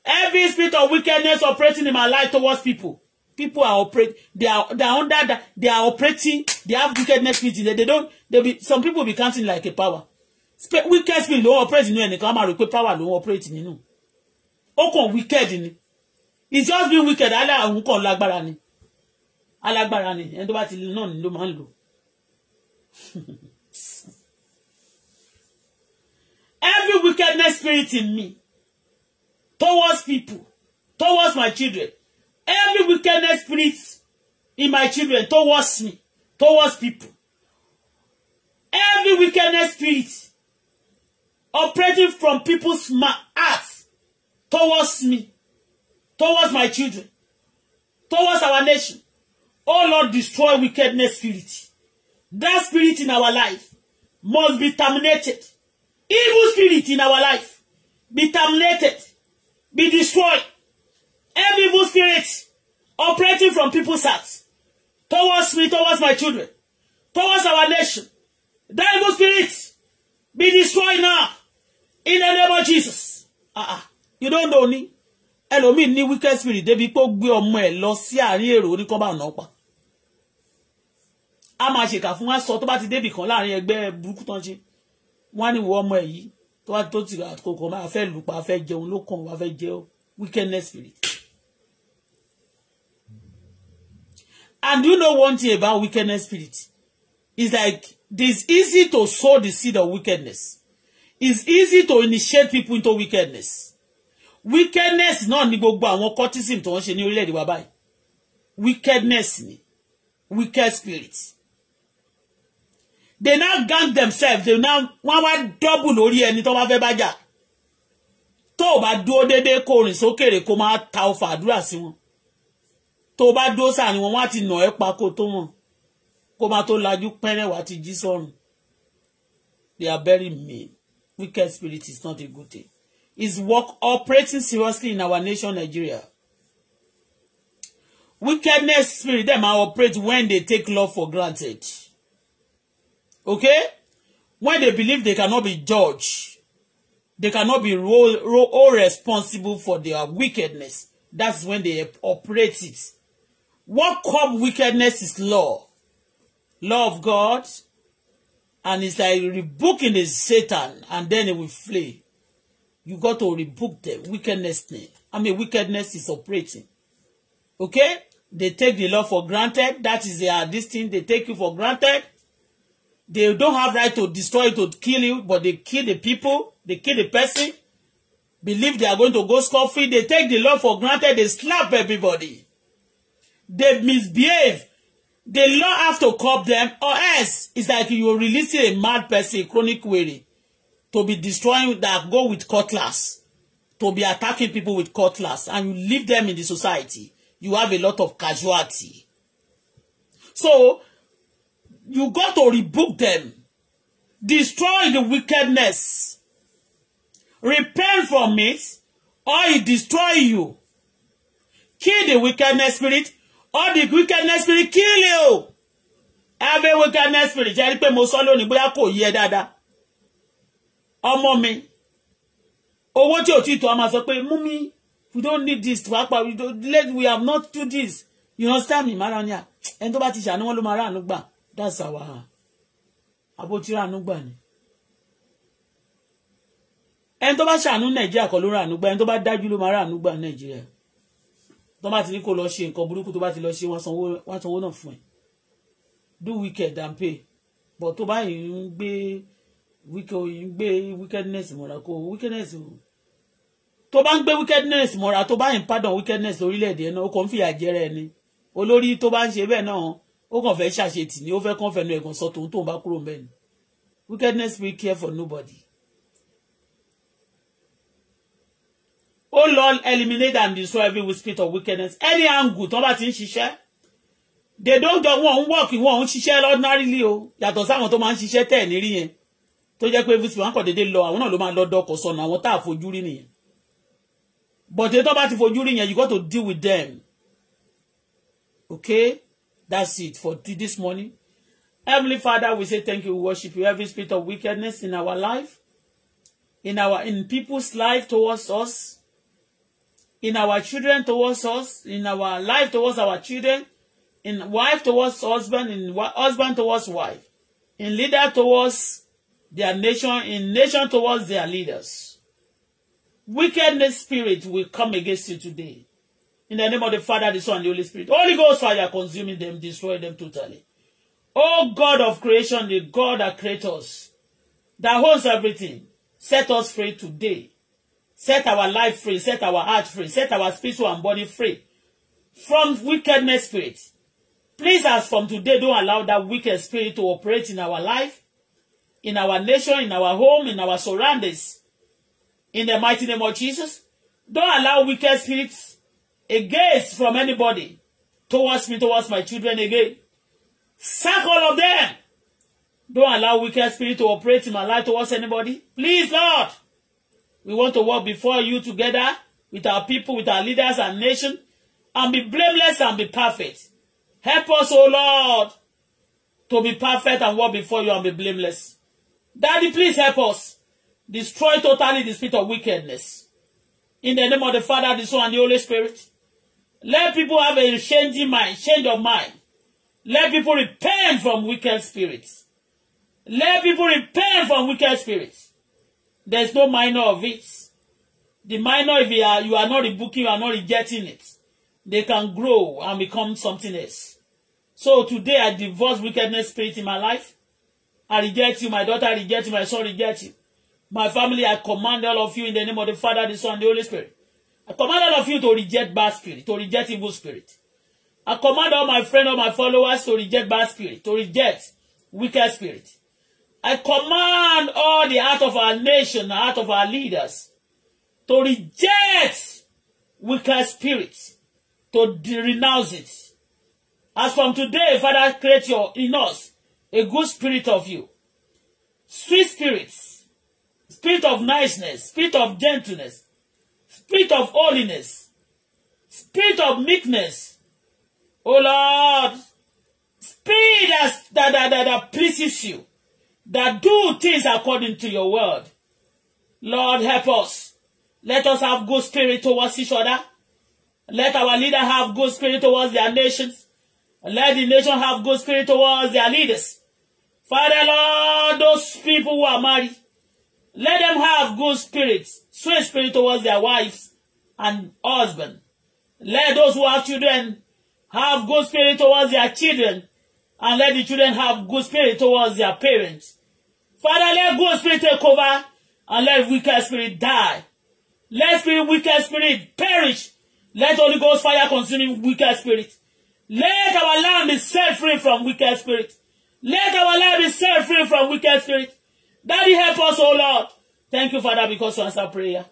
Every spirit of wickedness operating in my life towards people. People are operate. They are they are under that. They are operating. They have wickedness spirit. They, they don't. They be some people be counting like a power. Sp wicked spirit ló operate you ẹnìkan. Máa rò pé power ló operate nínú. Ó kàn wicked ni. It's just been wicked. I like. kàn lágbára ni. Alágbára ni. Ẹni tó bá ti lè náà ni ló máa Every wickedness spirit in me towards people, towards my children. Every wickedness spirit in my children towards me, towards people. Every wickedness spirit operating from people's hearts towards me, towards my children, towards our nation. Oh Lord, destroy wickedness spirit. That spirit in our life must be terminated. Evil spirit in our life be terminated be destroyed. Every evil spirit operating from people's hearts towards me, towards my children, towards our nation, that evil spirit be destroyed now in the name of Jesus. Uh-uh. You don't know me. ẹlòmíì ní wicked spirit They be poke gbé on my lọ sí àárín èrò oníkọ́bà ọ̀nà pa a I'm a fún I'm sọ tó bá ti débì kan láàrin ẹgbẹ́ burúkú tán ṣe wọ́n á ní One ọmọ ẹ tó wá tó ti àkókò máa fẹ́ lù pa fẹ́ jẹun ló kàn wá fẹ́ jẹ wickedness spirit. and you know one thing about wickedness spirit is like it's easy to sow the seed of wickedness It's easy to initiate people into wickedness wickedness náà ni gbogbo àwọn cultism tó ń ṣe ní orílẹ̀-èdè wa báyìí wickedness ni wicked spirit they now gang themselves they now wọ́n wá double lórí ẹni tó wá fẹ́ bá jà tó o bá dúró déédéé kó rìn sókèrè kó máa ta ọfà àdúrà sí wọn tó o bá dúró sàárín wọn wọ́n ti nà ẹ́ pa kó tó wọn kó máa tó lajú pẹ́rẹ́ wá ti jí sọ́run they are very mean wicked spirit is not a good thing is work operating seriously in our nation Nigeria wickedness spirit dem are operate when they take love for granted. Okay? When they believe they cannot be judged, they cannot be all, all responsible for their wickedness. That's when they operate it. What called wickedness is law. Law of God. And it's like rebuking the Satan and then it will flee. You got to rebuke the Wickedness thing. I mean, wickedness is operating. Okay? They take the law for granted. That is their this thing. They take you for granted. They don't have right to destroy, to kill you, but they kill the people, they kill the person, believe they are going to go scot-free. They take the law for granted, they slap everybody. They misbehave. The law have to cop them, or else it's like you're releasing a mad person, a chronic weary, to be destroying that go with cutlass, to be attacking people with cutlass, and you leave them in the society. You have a lot of casualty. So you got to rebuke them. Destroy the wickedness. Repent from it, or it destroy you. Kill the wickedness spirit, or the wickedness spirit kill you. Every wickedness spirit, jẹ́ rí pé mo sọ lónìí bóyá kò yẹ dáadáa. Ọmọ mi, owó tí ò tí tó, a máa sọ pé, Mummy, we don't need this, pàápàá, we, don't, we have not do this. You understand me, Marania? Ẹni tó bá ti ṣàánú wọn ló máa rà àánú that's our abotira ànúgbà ni ẹni tó bá ṣàánú nàìjíríà kọ́ ló ra ànúgbà ẹni tó bá dájú ló máa ra ànúgbà nàìjíríà tó bá ti ní kó lọ ṣe nǹkan burúkú tó bá ti lọ ṣe wọn sanwó náà fún ẹ do wicked and pay but tó bá yìí ń gbé ń wickedness mọ́ra kó wickedness o tó bá ń gbé wickedness mọ́ra tó bá yìí ń pardon wickedness lórílẹ̀‐èdè náà ó kàn ń fìyà jẹrẹ ẹni olórí tó bá ń ṣe bẹ́ẹ̀ náà ó kàn fẹ́ ṣàṣetì ni ó fẹ́ kàn fẹnu ẹ̀gàn sọ tòun tóun bá kúrò mẹ́rin wickedness will care for nobody. ó oh lọ eliminate and destroy every spirit of wickedness any angle tó bá ti ń ṣiṣẹ́ they don't just wọn ń work wọn ń ṣiṣẹ́ ordinarily o yàtọ̀ sáwọn tó máa ń ṣiṣẹ́ tẹ̀ nírí yẹn tó jẹ́ pé every spirit wọn kàn déédéé lọ àwọn náà ló máa lọ dọkọ̀ sọnù àwọn tá a fojú rí nìyẹn but ètò bá ti fojú rí yẹn you got to deal with them okay. That's it for this morning. Heavenly Father, we say thank you. We worship you. Every spirit of wickedness in our life, in our in people's life towards us, in our children towards us, in our life towards our children, in wife towards husband, in husband towards wife, in leader towards their nation, in nation towards their leaders. Wickedness spirit will come against you today. In the name of the Father, the Son, and the Holy Spirit. Holy Ghost fire consuming them, destroy them totally. Oh God of creation, the God that creates us, that holds everything, set us free today. Set our life free, set our heart free, set our spiritual and body free from wickedness spirits. Please, as from today, don't allow that wicked spirit to operate in our life, in our nation, in our home, in our surroundings. In the mighty name of Jesus, don't allow wicked spirits against from anybody towards me, towards my children again. Sack all of them. Don't allow wicked spirit to operate in my life towards anybody. Please, Lord. We want to walk before you together with our people, with our leaders and nation, and be blameless and be perfect. Help us, O oh Lord, to be perfect and walk before you and be blameless. Daddy, please help us. Destroy totally the spirit of wickedness. In the name of the Father, the Son, and the Holy Spirit. Let people have a changing mind, change of mind. Let people repent from wicked spirits. Let people repent from wicked spirits. There's no minor of it. The minor, if you are, you are not rebooking, you are not rejecting it. They can grow and become something else. So today I divorce wickedness spirit in my life. I reject you, my daughter I reject you, my son I reject you. My family, I command all of you in the name of the Father, the Son, and the Holy Spirit. I command all of you to reject bad spirit, to reject evil spirit. I command all my friends, all my followers to reject bad spirit, to reject wicked spirit. I command all the heart of our nation, the heart of our leaders, to reject wicked spirit, to renounce it. As from today, Father, create your in us a good spirit of you. Sweet spirits, spirit of niceness, spirit of gentleness, spirit of holiness, spirit of meekness. Oh Lord, spirit that, that, that, that, that pleases you, that do things according to your word. Lord, help us. Let us have good spirit towards each other. Let our leader have good spirit towards their nations. Let the nation have good spirit towards their leaders. Father, Lord, those people who are married, Let them have good spirits, sweet spirit towards their wives and husband. Let those who have children have good spirit towards their children, and let the children have good spirit towards their parents. Father, let good spirit take over, and let wicked spirit die. Let spirit, wicked spirit perish. Let Holy Ghost fire consume wicked spirit. Let our land be set free from wicked spirit. Let our land be set free from wicked spirit. Daddy, help us, oh Lord. Thank you, Father, because you answer prayer.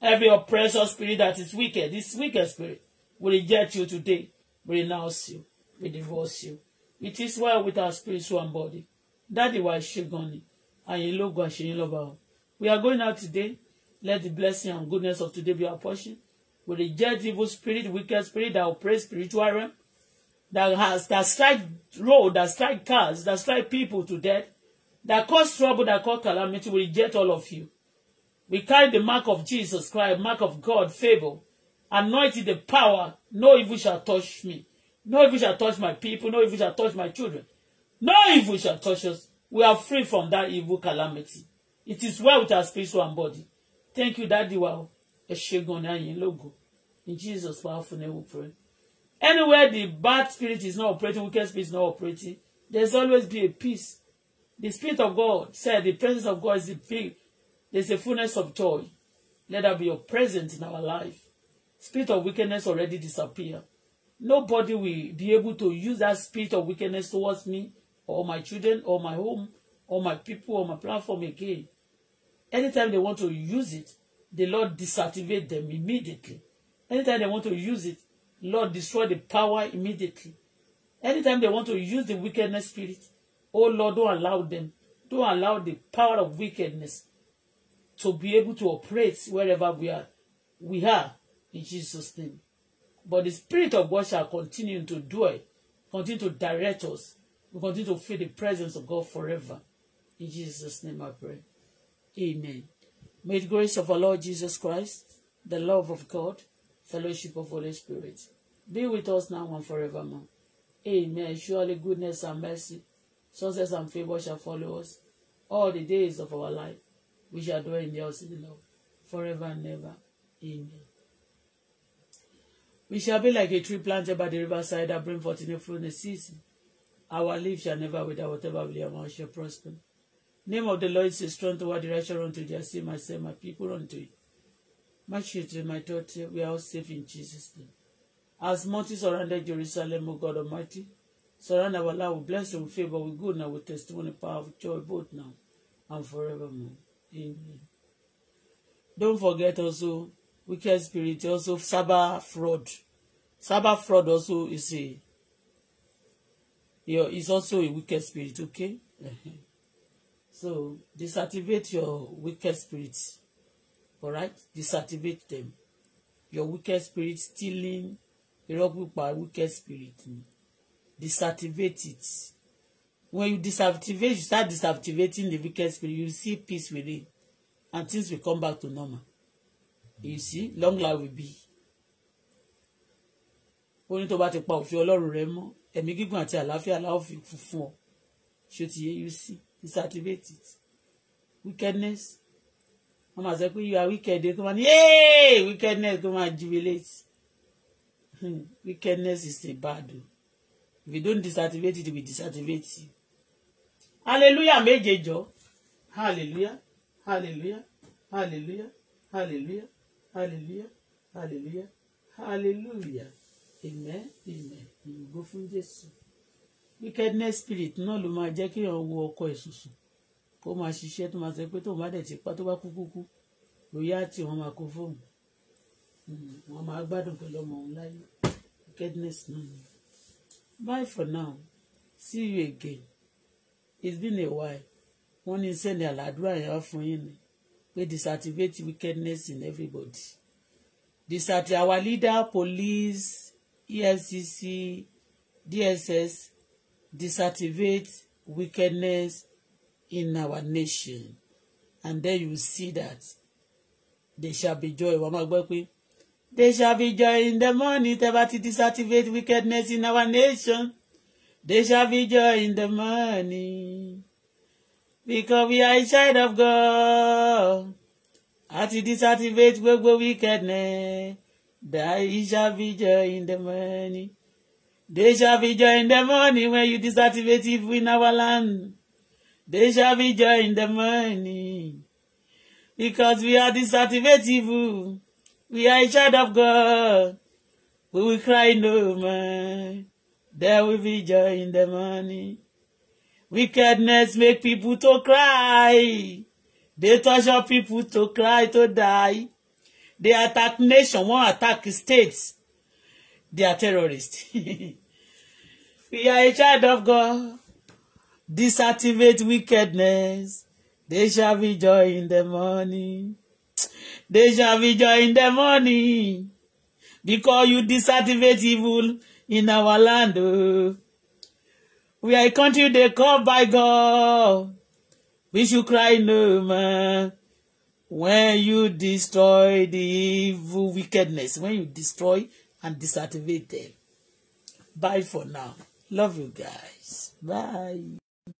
Every oppressor spirit that is wicked, this wicked spirit, will reject you today. We renounce you. We divorce you. It is well with our spiritual and body. Daddy, why she she gone. I love love Shigoni? We are going out today. Let the blessing and goodness of today be our portion. We reject evil spirit, wicked spirit that oppress spiritual realm, that has that strike road, that strike cars, that strike people to death that cause trouble, that cause calamity, we reject all of you. We carry the mark of Jesus Christ, mark of God, favor, anointed the power. No evil shall touch me. No evil shall touch my people. No evil shall touch my children. No evil shall touch us. We are free from that evil calamity. It is well with our spiritual and body. Thank you, Daddy. Wow. In Jesus' powerful name we pray. Anywhere the bad spirit is not operating, wicked spirit is not operating, there's always be a peace The Spirit of God said the presence of God is the big, there's a fullness of joy. Let that be your presence in our life. Spirit of wickedness already disappear. Nobody will be able to use that spirit of wickedness towards me or my children or my home or my people or my platform again. Anytime they want to use it, the Lord disactivate them immediately. Anytime they want to use it, Lord destroy the power immediately. Anytime they want to use the wickedness spirit, Oh Lord, don't allow them. Don't allow the power of wickedness to be able to operate wherever we are. We are in Jesus' name. But the Spirit of God shall continue to do it, continue to direct us. We continue to feel the presence of God forever. In Jesus' name I pray. Amen. May the grace of our Lord Jesus Christ, the love of God, fellowship of Holy Spirit be with us now and forevermore. Amen. Surely goodness and mercy Success and favor shall follow us all the days of our life. We shall dwell in the house of the Lord forever and ever. Amen. We shall be like a tree planted by the riverside that bring forth new fruit in the season. Our leaves shall never wither, whatever we have, our shall prosper. Name of the Lord is a strong toward direction unto thee. I say, myself, my people unto it. My children, my daughter, we are all safe in Jesus' name. As mountains surrounded Jerusalem, O God Almighty, Surround our life with blessing, with favor, with good, and with testimony, power, with joy, both now and forevermore. Amen. Don't forget also, wicked spirit, also cyber fraud. Cyber fraud also is a, your is also a wicked spirit, okay? So, disactivate your wicked spirits. Alright? Disactivate them. Your wicked spirit stealing, irọ́ by wicked spirit ni. Deactivate it. When you deactivate, you start deactivating the wicked spirit, you see peace within. And things will come back to normal. You see, long life will be. Ó ní tó bá power. pa òfin Ọlọ́run rẹ mọ́, ẹ̀mí gígùn àti àlàáfíà láwọ̀ fi fún ọ. Ṣé o ti yé you see? Deactivate it. Wickedness Mama máa sọ you are wicked tó máa ní yéé wickedness tó máa jubilate wickedness is a bad o if you don't disactivate it it will disactivate you hallelujah méje jọ hallelujah hallelujah hallelujah hallelujah hallelujah hallelujah hallelujah amen amen ìyìnbó fún jésù wickedness spirit no ló máa jẹ́ kí èèyàn wo ọkọ ẹ̀ sùsù kó máa ṣiṣẹ́ tó máa sọ pé tóun bá dẹ̀ ti pa tó bá kú kúkú royalty wọn máa kó fóun hmm, wọn máa gbádùn wickedness náà bye for now see you again it's been a while wọ́n ní sẹ́ni àlàdúrà yẹn wá fún yín ni pé disactivate wickedness in everybody disactivate our leader police EFCC DSS disactivate wickedness in our nation and then you see that there shall be joy wàá máa gbọ́ pé. They shall be joy in the morning. Tẹ́ bá ti deactivate wickedness in our nation. They shall be joy in the morning. Because we are a child of God. to disactivate we gbogbo wickedness. They shall be joy in the morning. They shall be joy in the morning when you disactivate evil in our land. They shall be joy in the morning. Because we are deactivate evil. We are a child of God. We will cry no man. There will be joy in the morning. Wickedness make people to cry. They torture people to cry, to die. They attack nation, one attack states. They are terrorists. We are a child of God. Disactivate wickedness. There shall be joy in the morning. They shall be in the morning because you disactivate evil in our land. Oh. We are a country they call by God. We should cry no man. When you destroy the evil wickedness, when you destroy and disactivate them. Bye for now. Love you guys. Bye.